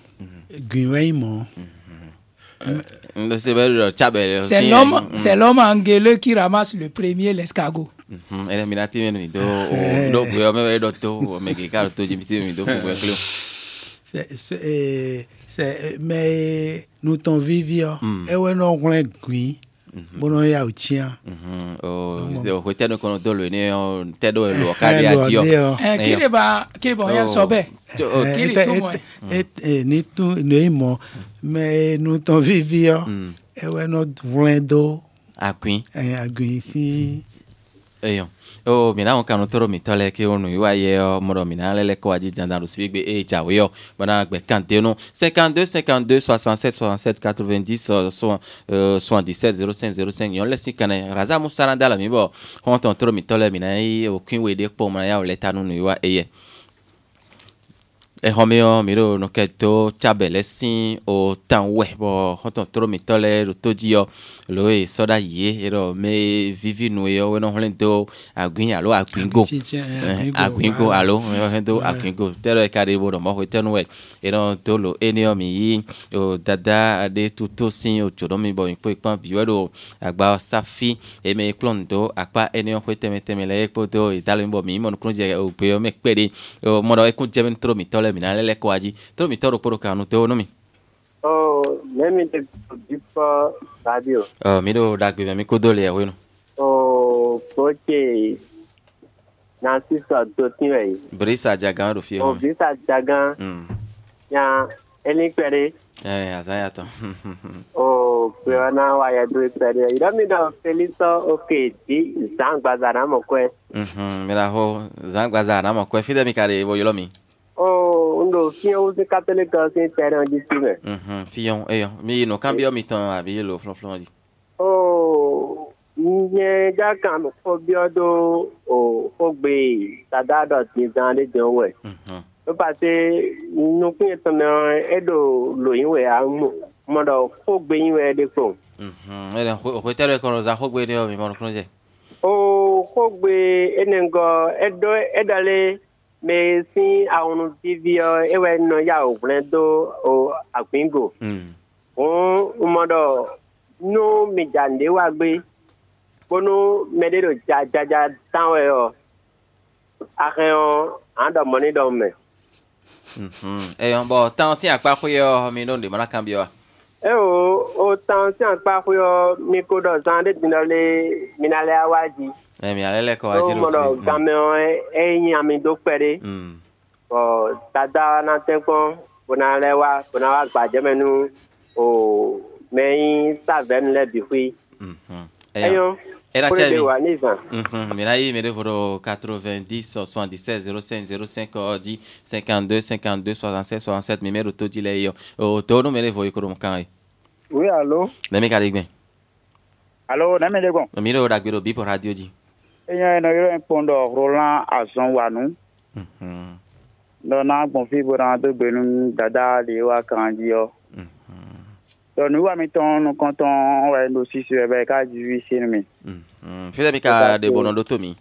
Speaker 3: guinwaimɔ. C'est
Speaker 2: l'homme c'est mm.
Speaker 4: l'homme angolais qui ramasse le premier l'escargot.
Speaker 2: Mm-hmm. ele mina ti mɛnu mi do do gbe ɔmɛ bɛ dɔ to ɔmɛ keke alo to jimi mi do fun gbɛkilo.
Speaker 3: c'est eh, eh, mais nous t'en vivions. ewé náà wọ́n gbìn. Mm-hmm. bono ya utia
Speaker 2: ohwetɛnu kɔnɔ dɔlɔ ne tɛdɔ ɛlɔ kari ati yɔ. kiri ba kiri ba ɔyɛ
Speaker 4: oh. sɔbɛ oh, eh, kiri tó mɔ
Speaker 3: ye. ni tún ní e mɔ mɛ nutɔn vivi yɔ ewɛ nɔ wlɛ do. agbin. Eh, agbin si.
Speaker 2: eyɔn o mina wo kanu toro mitɔ lɛ ke wonu yiwa yɛ ɔ mɔdɔ mina lɛ lɛ kɔ adi dandan do si gbegbe eye dzawe yɔ bana gbɛ kante nu cinquante deux cinquante deux soixante sept euh, soixante sept quatre vingt dix soixante dix sept zero cinq zero cinq yɔn lɛ si kanɛ raza musala da la mi bɔ hɔntɔn toro mitɔ lɛ mina ye o kun we de kpɔ mana ya o lɛ ta nu nu yiwa eye exɔmiɔ mi ɖo nukɛ to tsabɛ lɛ si o tan wɛ bɔ hɔntɔn toro mitɔ lɛ ɖo to dzi yɔ loe sɔɖa yie yɔrɔ me vivi nu yɔ wɔna xlẽ do agui alo aguigo eh, eh, aguigo ah. alo wɔna do aguigo tɛrɛ e ka de bo dɔ mɔkɔ tɛnu wɛ yɔrɔ to lo eniyɔ mi yi o dada de tuto si o tso dɔ mi bɔ yi kpe kpɔn biwɛ do agba safi eme kplɔn do akpa eniyɔ ƒe tɛmɛtɛmɛ lɛ ekpo do italo mi bɔ mi mɔnukun jɛ o gbe yɔ mɛ kpe de o mɔdɔ ekun jɛ mi toro mi tɔ lɛ mina lɛ lɛ kɔ adzi toro mi tɔ do kpo do kanu to nomi
Speaker 8: mɛmi de dipa radio.
Speaker 2: ɔ mi do dagbe mɛ mi ko dole yɛ wenu.
Speaker 8: ɔ kpɔtse na sisan do ti rɛ ye.
Speaker 2: birisa jagan do fi ye. Oh, ɔ hmm.
Speaker 8: birisa jagan. yan ɛni pɛrɛ.
Speaker 2: ɛɛ aza y'a tɔ.
Speaker 8: ɔ pɛrɛ na wa yɛ do pɛrɛ yɔrɔ mm-hmm. mi dɔ felisɔ oke di zan gbaza na mɔ kɔɛ.
Speaker 2: mi la ko zan gbaza na mɔ kɔɛ fi de mi ka de i bɔ yɔrɔ mi
Speaker 8: ndo fiɲɛw se katele ka se tɛrɛn di si mɛ.
Speaker 2: fiɲɛw eya mi yi nɔ kan bi yɔ mi tán a bi yɛlɛ o filɔfilɔ
Speaker 8: di. nye ja kan fɔ biɔ do o fɔ gbe tada dɔ ti zan de jɔn wɛ. o pase nukun ye tɔmɛ e do loyin wɛ a mɔ mɔdɔ fo gbe yin wɛ de ko.
Speaker 2: ɛdɛ o ko tɛrɛ kɔnɔ zan fo gbe de yɔ mi mɔdɔ kɔnɔ jɛ.
Speaker 8: o fo gbe e ni nkɔ e dɔ e dalen me si aunu vivio ewe no ya obrendo o agbingo mm o umodo no mi jande wa gbe bono medero ja ja ja tan we o ahen o ando money don me
Speaker 2: mhm eyan bo tan si apa ko yo mi no de mara kan bi wa
Speaker 8: e o o tan si apa ko yo mi ko do san de dinale minale awaji
Speaker 2: ɛmi ale le kɔ adziro fi. mɔdɔ
Speaker 8: gamewo eyi ami do kpe ɖe. ɔ dada na te kpɔ wa bona wa gba jɛmɛ o mɛ yi sa vɛ nu lɛ bi hui. ɛyɔ ɛnatsɛ
Speaker 2: mina yi mi de fo do quatre vingt dix zero cinq zero cinq ɔdi cinquante deux cinquante deux mi mi do to di o to nu mi de fo yi ko do mu kan ye. oui alo. lɛmi ka di gbɛn.
Speaker 8: alo lɛmi de gbɔn.
Speaker 2: mi de o dagbe do bipo radio di
Speaker 8: enya ena yɔrɔ in kpɔn dɔ rolan azɔn wanu
Speaker 2: dɔn mm-hmm.
Speaker 8: n'a gbɔn fi bɔra an to dada de wa kan di yɔ dɔn n'u wa mi tɔn kɔntɔn wɛ n'o sisi yɛ bɛ k'a ju sini mi.
Speaker 2: fisa bi ka de bɔnɔ do to mi.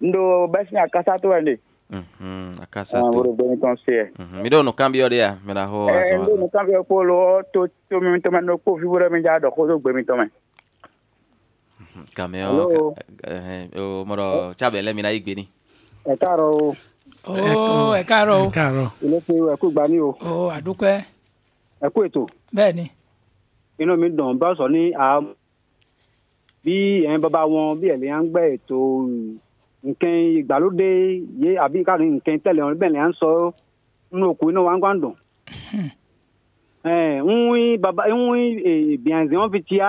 Speaker 8: n do bɛ sin a kasa to yɛn de.
Speaker 2: Mm-hmm. a kasa to mm-hmm. o de
Speaker 8: bɛ mi tɔn se yɛ.
Speaker 2: mi dɔw nu kan bi yɔ de yan mɛ na ko. ɛɛ n do
Speaker 8: nu kan bi yɔ k'olu to to mi tɔmɛ n'o ko fi bɔra mi ja dɔ k'olu gbɛ mi tɔmɛ
Speaker 2: kàmẹ́ ọ ọ mọ̀rọ̀ chábẹ̀ lẹ́mìnira yìí gbé ni.
Speaker 3: ẹ káàárọ̀ o. ó ẹ káàárọ̀ o. ẹ káàárọ̀. ilé ti ẹ kú gbani
Speaker 9: o. ó àdúpẹ́. ẹ kú ètò. bẹ́ẹ̀ni. inú mi dùn bá sọ ní àmọ́ bí ẹ̀yin bàbá wọn bí ẹ̀lẹ́ à ń gbẹ́ ètò nǹkan ìgbàlódé yé àbí káàdì nǹkan tẹ̀lé wọn bẹ́ẹ̀ ni à ń sọ nínú òkú iná wa ń gbàǹdùn. Hmm. ẹ̀ ń wí bàbá ń wí eh, bìànzì wọn fi tiá.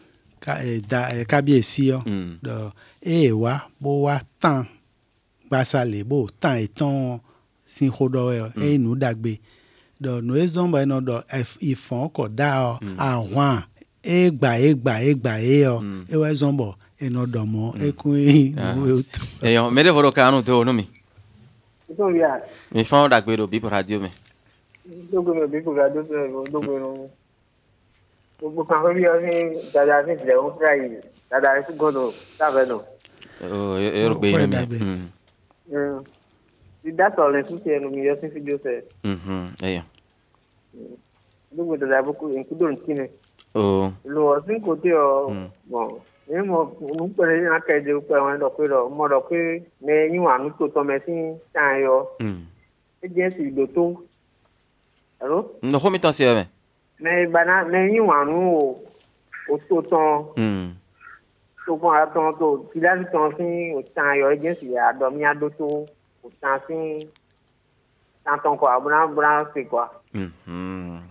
Speaker 3: Eh, eh, kábíyèsí ọ eye mm. wa bó wa tán gbasale bó tán ìtàn si xo dɔ yɔ eye nu dagbe dɔ nu ezɔn bɔ yinɔ dɔ ifɔn kɔ da yɔ ahwan egba egba egba ye yɔ ewɔ ezɔn bɔ enɔ dɔmɔ eku ye nu ye tu.
Speaker 2: eyɔ mɛ de fɔ dɔ kanu to o nu mi. mi fɔn dagbe do bibu radio mɛ.
Speaker 8: dogo mi bibu radio mɛ dogo mi gbogbo kan lórí ọdún dada ní ìbílẹ̀ ó fúra yìí dada ẹ̀sùn gbọ́dọ̀ sáfẹ́ nù.
Speaker 2: ẹ rò pé yín mi.
Speaker 8: dídátọ̀ rẹ̀ tún ti ẹnu mi yọ sí fídíò sẹ̀. gbogbo dada boko nkudo ntí ni. lùwọ̀ sí kò tí ọ hmm. mọ̀ èyí mọ̀ mo ń pèrè yín akẹ́jọ pé àwọn ẹ̀dọ̀ pé rọ̀ mọ̀ rọ̀ pé mẹ yín wà nípò tọmẹ sí tàn yọ. Hmm. ẹ jẹ́ sì ìdò tó.
Speaker 2: nǹkan mi tán sí ẹ mẹ́
Speaker 8: mɛ bana mɛ nyi wanu o o to tɔn. tó kún hmm. ara tán tó tìlásì tán sí òtàn ayọ̀ ẹjẹsì àdọ̀mí adótó òtàn sí tàntàn kọ àbúrábúrá sí kọ.
Speaker 2: èèyàn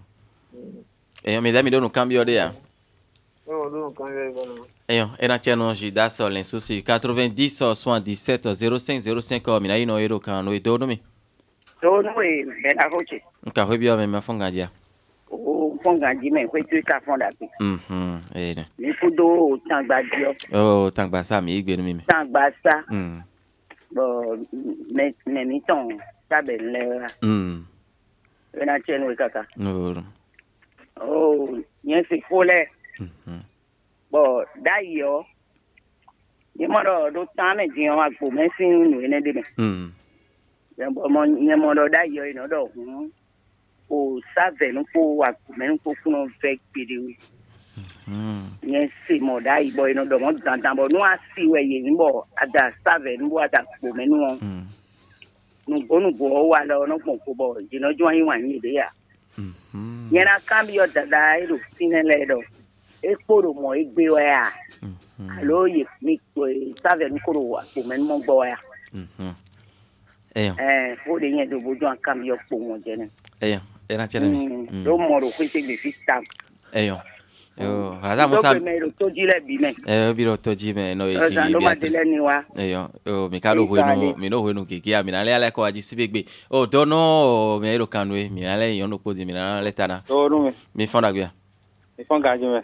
Speaker 2: hmm. mi dámi lónìí kan bí ọdẹ yà. Eyon, ena tia non jida so len susi 90 77 05 05 mina yino yero kan no edo no
Speaker 10: mi. Do no e me na hoche.
Speaker 2: Nka hobi o me mafonga dia
Speaker 10: fọngànjì mẹ pé tí ká fọn dàbí. ní kúndó o tàǹgbà diọ.
Speaker 2: ọ tàǹgbà sá mi ìgbénu mi.
Speaker 10: tàǹgbà sá. Mm. bọ mẹmí tán sábẹ ńlẹ wa. Mm. ẹnà tí ẹnu kàkà. ọ yẹn ti kú lẹ. bọ dáyìí ọ yẹn mọ dọ ọdún tán mẹjì mm. ọmọ àgbò mẹsìn nù ẹnẹdẹ mẹ. yẹn mọ dọ dáyìí ọ ìnà dọ ọhún o savɛ nuko akumɛ nuko kunu fɛ kpeɖewo nye simɔ da yibɔ yinɔ dɔmɔ dandan bɔ nua si wɛ yen bɔ ada savɛ nubo ada kpomɛ nuwɔ nubonubo wa lɔ nɔgbɔn ko bɔ jinɔjɔn yi wa nyi de ya nyɛna kan bi yɔ dada eɖo sinɛ lɛ dɔ ekpo do mɔ egbe wa ya alo ye mi savɛ nuko do kpomɛ numɔ gbɔ wa ya ɛɛ o de yɛ dobo jɔn kan bi yɔ kpomɔ jɛnɛ
Speaker 2: ló
Speaker 10: mọ̀ ọ́ fún ṣe lè fi ta.
Speaker 2: ẹyọ mm. raza musa dɔw
Speaker 10: bɛ tɔji lɛ bi mɛ.
Speaker 2: ɛɛ bi dɔ tɔji mɛ n'o ye jigi bi a tɛ ɛɛ dɔwɔdi lɛ nin wa. ɛyɔ mi ka lo hoenu mi n'o hoenu keke a mina lɛ ala kɔ adi sibe gbe o dɔnɔ mi e lo kanu ye mina lɛ yɔnu kpo di mina lɛ tana. dɔwɔdun mi. mi fɔn dagbe yan.
Speaker 9: mi fɔn gaji mɛ.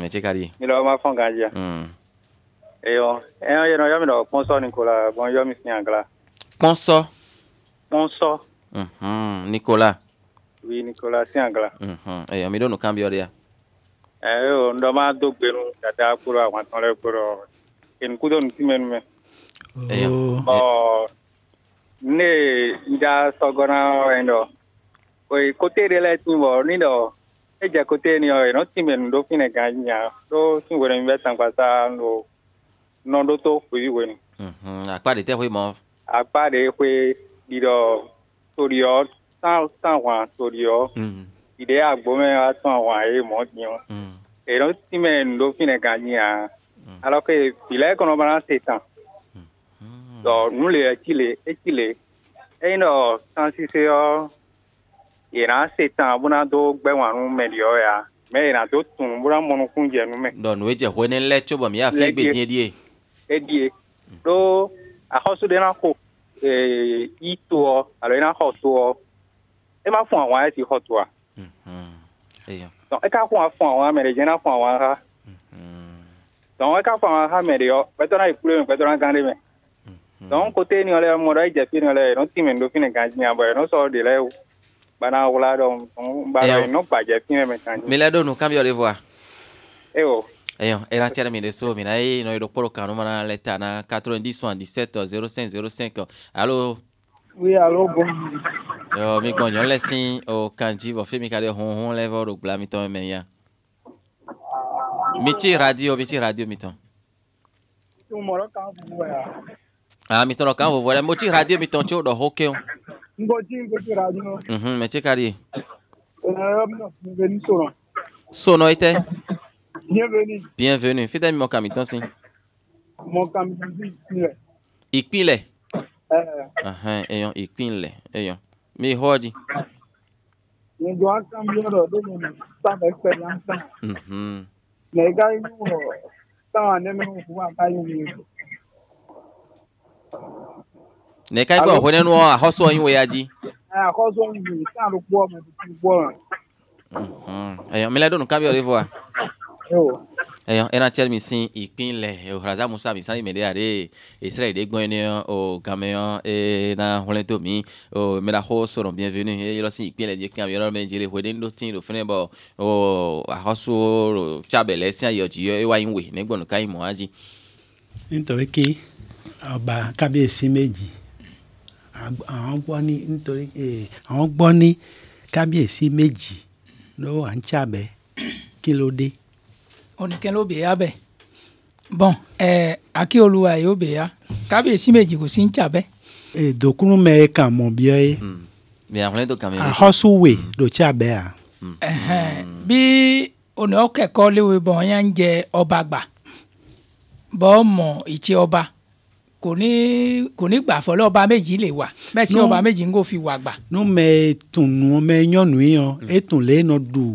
Speaker 9: mɛ ti ka di. mi lɔ ma fɔn gaji yan. Mm. ɛyɔ ɛyɔ yɛlɛ yɔ mi lɔ
Speaker 2: kpɔnsɔ
Speaker 9: wi nikolasi angla.
Speaker 2: ẹyọ mi lónìí kan bí ọdẹ yà.
Speaker 9: ẹ o ndọ máa dó gbẹnu dada kúrò àwọn àtàn rẹ kúrò ẹnukúdọ nùtí mẹnu mẹ. ọ eh. ne nja sọgọnà ẹn dọ oye kote de la ti bọ ni dọ e jẹ kote ni ọ ẹnọ ti mẹnu mhm. Do fi nẹ gan yà do tún wẹrẹ mi bẹ tàn pàṣẹ nù nọdó tó fòyí wẹnu.
Speaker 2: àpá de tẹ́ fún mi mọ́.
Speaker 9: de fún mi dọ̀ torí ọ san san wan sorio ide agbome wa san wan ye mɔ diɲɔ ero simɛ ndo fina ka ɲi a alors que bila kɔnɔbara se tan donc nu le eti le eti le eyi nɔ san sise yɔ yena se tan bona do gbɛwanu mɛliyɔ ya mɛ yena do tun bona mɔnukun jɛnu mɛ.
Speaker 2: donc nu ye jɛ hɔn ne lɛ tso bɔ mi y'a fɛn gbɛ diɲɛ di ye.
Speaker 9: e di ye do akɔsodena ko ee i toɔ alo i na kɔ toɔ ẹ má fún àwọn ayé ti họ tó fún wa àwọn amẹ̀rẹ̀ jẹ́ fún àwọn aha. dɔnku mm-hmm. ẹ ká fún àwọn aha mẹ̀rẹ̀ yọ pẹ̀tọ́ náà mi pẹ̀tọ́ gan de mẹ̀. dɔnku kote ni ɔlɛ mɔdɔ ìjɛ fi ni ɔlɛ yɛ n'oti mi ndofin gan jiyan bɔ yɛ n'osɔ de lɛ o gbana wula dɔn gbana yɛ n'ogbajɛ fi ni mɛ kan jiyan. milɛ
Speaker 2: donu kan bi yɔ bɔ wa. e o. Eyo, era tiara mi reso mi na e no ero poro kanu mana leta na 90 77 05 05. Allo
Speaker 9: Oui,
Speaker 1: alo bon.
Speaker 2: Yo, mi gbɔnyɔ lɛ si o kanji vɔ fi mi ka ɖe hunhun lɛ vɔ ɖo gbla mi tɔ mɛ ya. Mi tsi radio, mi tsi radio mi tɔ.
Speaker 8: Mɔlɔ kan vovo ya.
Speaker 2: Ah, mi tɔ lɔ kan vovo lɛ, mo tsi radio mi tɔ tso ɖɔ ho keŋ.
Speaker 9: Ŋgɔ tsi ŋgɔ tsi radio.
Speaker 2: Mhm, mɛ tsi ka di.
Speaker 9: Ɛɛ, mi nɔ fi ni sɔnɔ.
Speaker 2: Sɔnɔ Bienvenue. Bienvenue. Fi tɛ mi mɔ kami tɔ si. Mɔ kami eyan ìpínlẹ̀ eyan mi hoji.
Speaker 9: nidu aka m yọrọ lórí mi
Speaker 10: sábà pẹ̀lú ansa. na ịga ihu wọ sáwọn anẹmẹ òkú àbáyé mi.
Speaker 2: na ịka ikpe ọhụrụ nụ ahọsọ onye wee ya ji.
Speaker 1: ahọsọ onye wee sáà ló gbọ́ ọmọ mm-hmm. ìdíjú gbọ́ ọ̀rọ̀.
Speaker 2: eyan mílẹ̀ dùnú kábíyọ̀ rí fún wa eyan ena tse mi si ìpín lẹ ohraza musa mi sanni mẹlẹ are israel de gbɔn eniyan o game yan ena wlẹ to mi o mẹla ko sọ̀rọ̀ bienvenu eyɔrɔ si ìpín lẹ dikin abi yɔrɔ mi jele ho eden do tin do fɛnɛ bɔ o akɔso o tsabɛlɛ si ayɔ dzi yɔ ewa yi we ne gbɔnu ka yi mɔ adzi.
Speaker 3: nítorí kí ọba kábíyèsí méjì àwọn gbọ́ ní nítorí onìkan
Speaker 4: ló bèèyà bẹ́ẹ̀ bọ́n ẹ̀ akíolúwa yóò bèèyà kábíyèsí méjì kò sí ń jà bẹ́ẹ̀.
Speaker 3: èdòkúrú mẹ ẹ kà mọ bí ẹ. àhọ́sùwè hmm. ló tí a bẹ́ a.
Speaker 4: bí ònà ọkẹ́kọ̀ọ́ léwu bọ̀ ọ́ yà ń jẹ ọba gbà bọ́ mọ̀ ìtì ọba kò ní kò ní gbà fọlẹ́ ọba méjì lè wà bẹ́ẹ̀ ọba méjì
Speaker 3: ń kò fi wà gbà. nú mẹ tùnú mẹ nyọ́nu yẹn etun hmm. lẹ́nu dùn.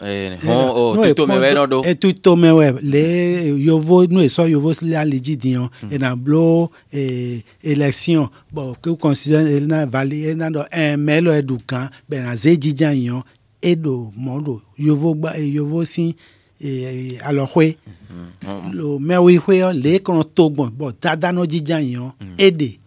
Speaker 2: hɔn o tutomewɛ nɔ do.
Speaker 3: tutomewɛ le yovo nu esɔ yovo ali dzi diyan ena blo bon que vous considérez ena vali ena dɔ ɛmɛ lɔ edu gan bɛna ze jija yiyan edo mɔ do yovo gba e, yovo si alɔxɔe lo mɛwo yi xɔe le kɔnɔ togbɔn bɔn nos nɔ jija yiyan ede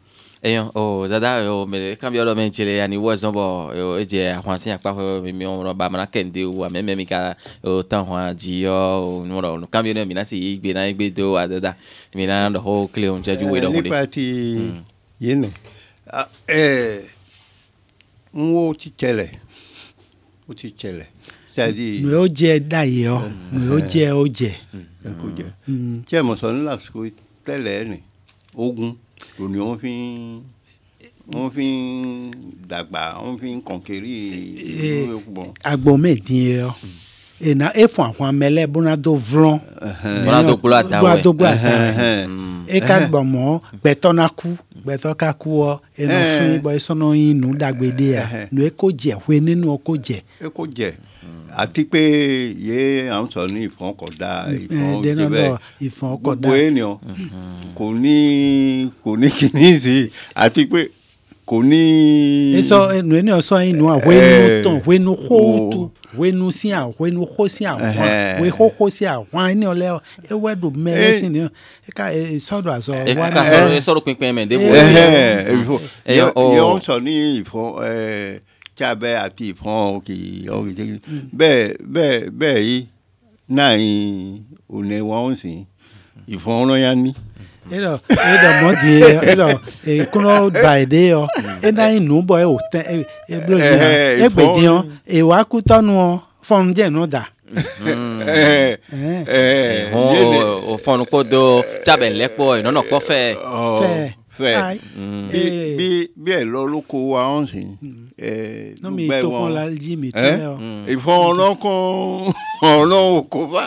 Speaker 2: eyan o dada o me kan bi ɔlɔmɛ ntsi le yanni wɔ zɔn bɔ o edze ahwansi akpakɔ mi ɔrɔ ba mana kɛnde o ame mɛ mi ka o tan hɔn adi yɔ o nɔrɔ kan bi ɔlɔmɛ mina si yi na yi do a dada mina dɔ ko kile o ntɛju we dɔ ko de. nípa ti
Speaker 5: yen nɔ ɛɛ n wo ti tɛlɛ o ti tɛlɛ. nu
Speaker 3: yóò jẹ da yìí ọ nu yóò jẹ ó jẹ. ẹ kò jẹ
Speaker 5: tí ẹ mọ̀ sọ ní lásìkò òní wọn fi wọn fi dàgbà wọn fi kọ̀ǹkẹ́rì ìlú
Speaker 3: agbọ̀n mẹ́ẹ̀dín yẹ ọ ena efun ahun amẹlẹ bonado vlọn bonado gbolo atawẹ bonado gbolo atawẹ eka mm. gbọmọ gbẹtọ naku gbẹtọ kaku ọ enu fún ibọ esọnọ yin nu dagbede ya nu eko jẹ hue nínú ọkọ jẹ.
Speaker 5: eko jẹ àti pé yé à ń sọ ní ìfọ̀n kọ̀dá mm-hmm. ìfọ̀n síbẹ̀ gbogbo ènìyàn mm-hmm. kò ní kò ní kìíní sí i àti pé kò ní. esɔ
Speaker 3: enu eniyan sɔ yin nua wenu tɔn wenu hotu wenu si a wenu ho si a wọn we hoho si a wọn eniyan lɛ ewɛ do mɛlɛ si ni eka sɔdɔ azɔ wani.
Speaker 2: eka sɔrɔ esɔrɔ pinpin mɛ de wo. ɛyɔ yɔ
Speaker 5: sɔ ni ifɔ ɛɛ tsabɛ ati fɔn ki ɔki tɛ bɛɛ bɛɛ bɛɛ yi naanyi one wɔn si ìfɔn lɔ ya ni.
Speaker 3: eyidɔ eyidɔ mɔdi yɛ eyidɔ ekunɔ da yi de yɔ enayi nu bɔ ewo tɛ eblo yi yɔ egbedi yɔ ewa kutɔnu yɔ fɔnudɛ nu da.
Speaker 2: ìhun òfɔnukpɔdɔ tsabɛlɛkpɔ ìnɔnɔkpɔfɛ. fɛɛ fẹ mm. bí
Speaker 5: bí bí ẹ lọ lóko wa ọ̀hún sí gbẹ wọn ìfọ̀n ọlọ́kàn ọ̀nà òkú bá.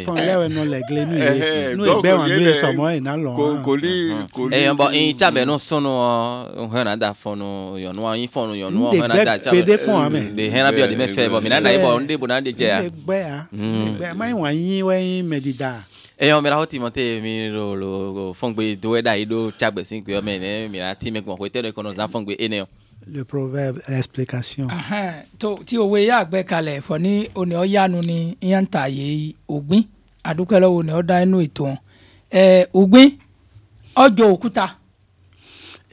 Speaker 5: ìfọ̀n lẹ́wẹ̀ẹ́ nù lẹ́gilẹ́ nù yẹ nù ìgbẹ́ wọn nù yẹ sọ̀mọ́ ẹ̀
Speaker 3: náà lọ. kò
Speaker 1: ní kò ní.
Speaker 2: Mm. ẹyọ bọ ẹyin tíabẹ nù sọnù ọhẹnà dà fọnù yọnu wa yín fọnù yọnu wa ọhẹnà dà tíabẹ ndé pọ̀ amẹ. hẹnà bí ọdún mẹfẹ bọ mí nà náà yẹ bọ ndé bọ náà dé jẹ ya. ndé
Speaker 3: gbẹ ya ndé mm. gbẹ ya máa ń wà yín wẹ́yìn mẹ́dídà
Speaker 2: eyan mi la xɔ tìmɔ te mi lo lo fɔngbe do ɛda yi do tsagbe si gbe ɔmɛ ne mi la ti mi gbɔn ko ete ne kɔnɔ zan fɔngbe ene o.
Speaker 3: le proverbe l'explication.
Speaker 4: tó tí òwe yá àgbẹ̀ kalẹ̀ fọ ní òní ọ̀yánu ni ìyá ń ta ye ògbín àdúkẹ́lẹ́ òní ọ̀dá inú ètò wọn ògbín ọjọ́ òkúta.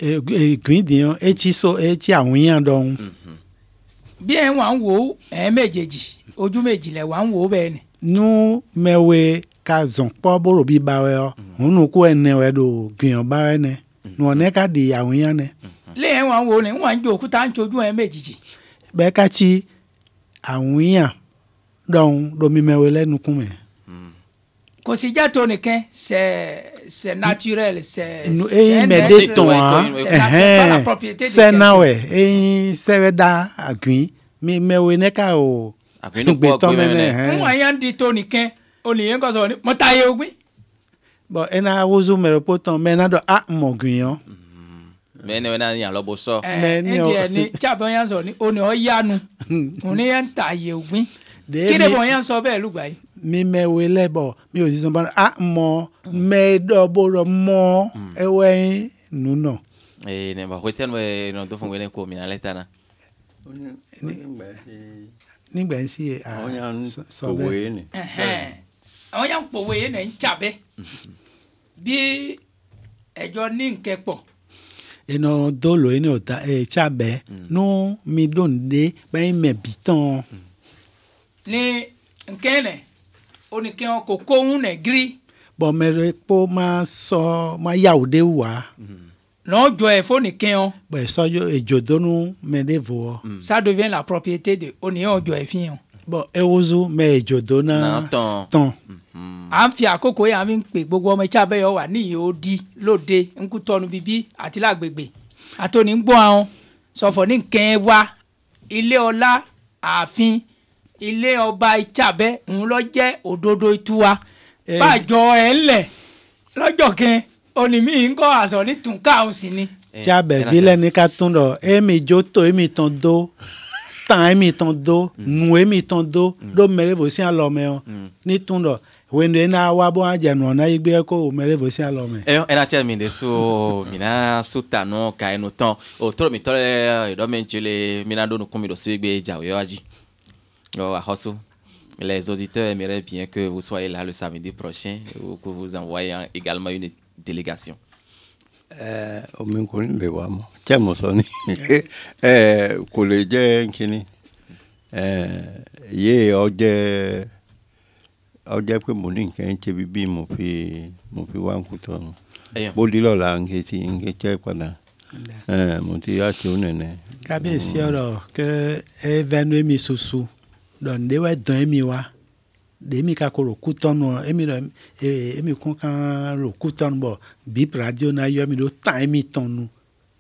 Speaker 3: ògbín dìyàn etí so etí àwọn yẹn dọ̀hún. Mm-hmm. bí ẹ̀ ń wà ń wò ẹ̀ méjèèjì ojú méjì lẹ̀ wà ń wò bẹ́ẹ̀ ni. nú mẹ́wẹ́ ka zɔn kpɔ boro bi ba wɛ mhm. ŋunu ko ene wɛ do gbìyàn ba wɛ nɛ mhm. nua ne ka di àwọn yan nɛ. Mhm.
Speaker 4: lẹ́yìn wọn wo ni wọn jò òkúta ń tsojú ẹ méjìjì.
Speaker 3: bẹ́ẹ̀ ká tsi àwọn yan dɔn domimɛwɛ lɛ nukume.
Speaker 4: kò sí jẹ́ tó nìkan c'est c'est naturel c'est. eyi mɛ de tɔn a sɛnawɛ
Speaker 3: eyi sɛwɛda agui mi mɛwɛ ne ka o. àgbẹ̀nugbọ̀ gbẹmɛ nɛ. n
Speaker 4: wọ̀nyẹn di tó nìkan olùyẹn kọ sọ̀rọ̀ ni mo ta ye ogun.
Speaker 3: bọ ẹ na wozu mẹrẹ po tán mẹ na a mọ gun
Speaker 2: mẹ ní wọn yàn lọbọ
Speaker 4: sọ. ẹ ẹ díẹ ni jábọ̀ yẹn sọ̀rọ̀ ni òní ọ yanu òní yẹn ta ye ogun kí ni bọ̀ yẹn sọ bẹ́ẹ̀ lùgbà yìí.
Speaker 3: mi mẹ́wé lẹ́bọ̀ mi ò sì sọ bọ́n a ah, mọ mẹ́ẹ̀dọ́gbọ̀rọ̀ mọ mm. ẹwẹ́ yín nù náà.
Speaker 2: ee ne ma ko tẹnu ẹ nọ tó fún wẹlẹ kó mi
Speaker 3: nalẹ tana. nígbà yẹn sí yẹ sọ bẹ́ẹ̀
Speaker 4: àwọn yà ń pòwe yẹn náà ń jàbẹ bí ẹjọ ní nkẹ pọ.
Speaker 3: eno dolo ene ota e chabe no mi donde ba me bitan
Speaker 4: ni nkene oni ke on koko un ne gri
Speaker 3: bo me re po ma so ma ya ode wa lọ́jọ́ ẹ̀ fóònù kẹ́hán. bẹ́ẹ̀ sọ́jọ́ èjòdónú mẹ́lẹ́vọ́. ça mm. devient la propriété de oníyànjọ́ ẹ̀ fi hàn. bọ́n ewozu mẹ́ èjòdónú tán
Speaker 4: à ń fi àkókò yẹn à ń pè gbogbo ọmọ iṣẹ́ abẹ́yọ̀ wà níyì odi lóde nkútọ́nu bíbí àti lágbègbè àtòní ń gbọ́ àwọn sọ̀fọ̀ ní nkẹ́ẹ́ wa ilé ọlá ààfin ilé ọba ìtsàbẹ́ òun lọ jẹ́ òdodo ìtura bàjọ́ ẹ̀ ńlẹ̀ lọ́jọ́ kan onímí ń kọ́ àṣọ ní túnká òun sì ni. tí a bẹ̀ fi
Speaker 3: lẹ́ni ká tún lọ èmi jó tó èmi tán dó tàn èmi tán dó nù mm. èmi tán dó mm. ló mẹ́rẹ́ fòsí àlọ́ mẹ́wọ́n mm. ní tún wende eh, na wabɔ adze nɔ na yi gbɛ ko omere vosi alɔ me.
Speaker 2: ɛ ɛna tẹ mi de so mina suta nɔ ka enu tɔn o toro mi tɔlɛ ɛdɔ mi tsele mina do nukun mi do si gbe yɔ adzi ɔ axɔso les auditeurs aimeraient bien que vous soyez là le samedi prochain ou que vous envoyez également une délégation.
Speaker 3: ɛɛ eh,
Speaker 5: omi ko ni bɛ wa mɔ cɛ musoni ɛɛ kò lè jɛ nkini ɛɛ eh, ye ɔjɛ ọ jẹ́ pé mo ní nǹkan ń ṣe bíbí mo fi mo fi wá ń nù bó di lọ́la nǹkan ti nǹkan tẹ́ padà mo ti yá tó nẹ̀nẹ̀.
Speaker 3: kábíyèsí mm. ọ̀rọ̀ kẹ́ ẹ vẹ́nu èmi soso lọ́nẹ́wẹ̀ dán èmi wá dèmi kako ro kutɔnu emi lɔ emi kún kan ro kutɔnu bɔ bip radio na yɔ mi do tan emi tɔnu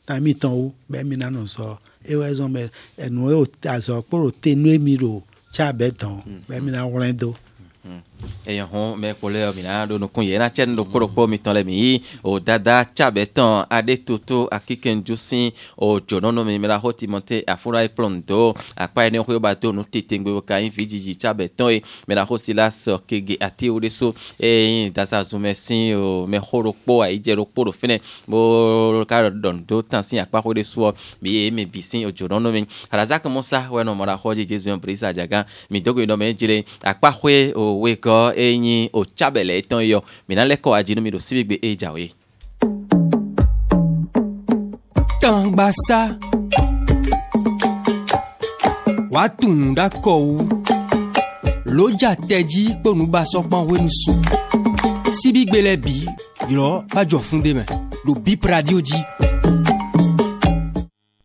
Speaker 3: tan emi tɔn wo bɛ mi nanɔ sɔ ewɔ ɛzɔn bɛ ɛnu yɛ azɔ kpɔrɔ te nu emi do tsa bɛ dɔn bɛ mi na wlɛ do
Speaker 2: eyan hɔn mɛ kpɔlɛ mina do nukun yɛn natsɛ nu dokoro kpɔ mi tɔn lɛ mi yi o dada tsabɛtɔn ade toto akikenjo si o dzonɔnɔ mi mira hoti mɔte afura ekplɔn do akpa yi ne ko ba do nu tete ŋgbe ka yi vi dzidzi tsabɛtɔn ye mira hosi la sɔ kege ati wo de so eyi dasa e, zumɛ si o mɛ xɔ do kpɔ ayi dze do kpɔ do fɛnɛ bo ka dɔn do tan si akpa ko de so mi ye mi bi si o dzonɔnɔ mi arazaki musa wɛnɔ mɔra xɔ dzidzi zun brisa jagan mi akpa xoe o we gɔ enyi o tsabɛlɛ etɔn yɔ mina lɛ kɔ adzinu mi do sibigbe edza
Speaker 1: o ye. tán gbasa wàá tùnú dákọ̀ o lójà tẹ́jí kpónúba sọ́gbọ́n wẹ́nu so síbígbé lẹ bí yọ̀ọ́ bá fún de mẹ́ lò bí pradio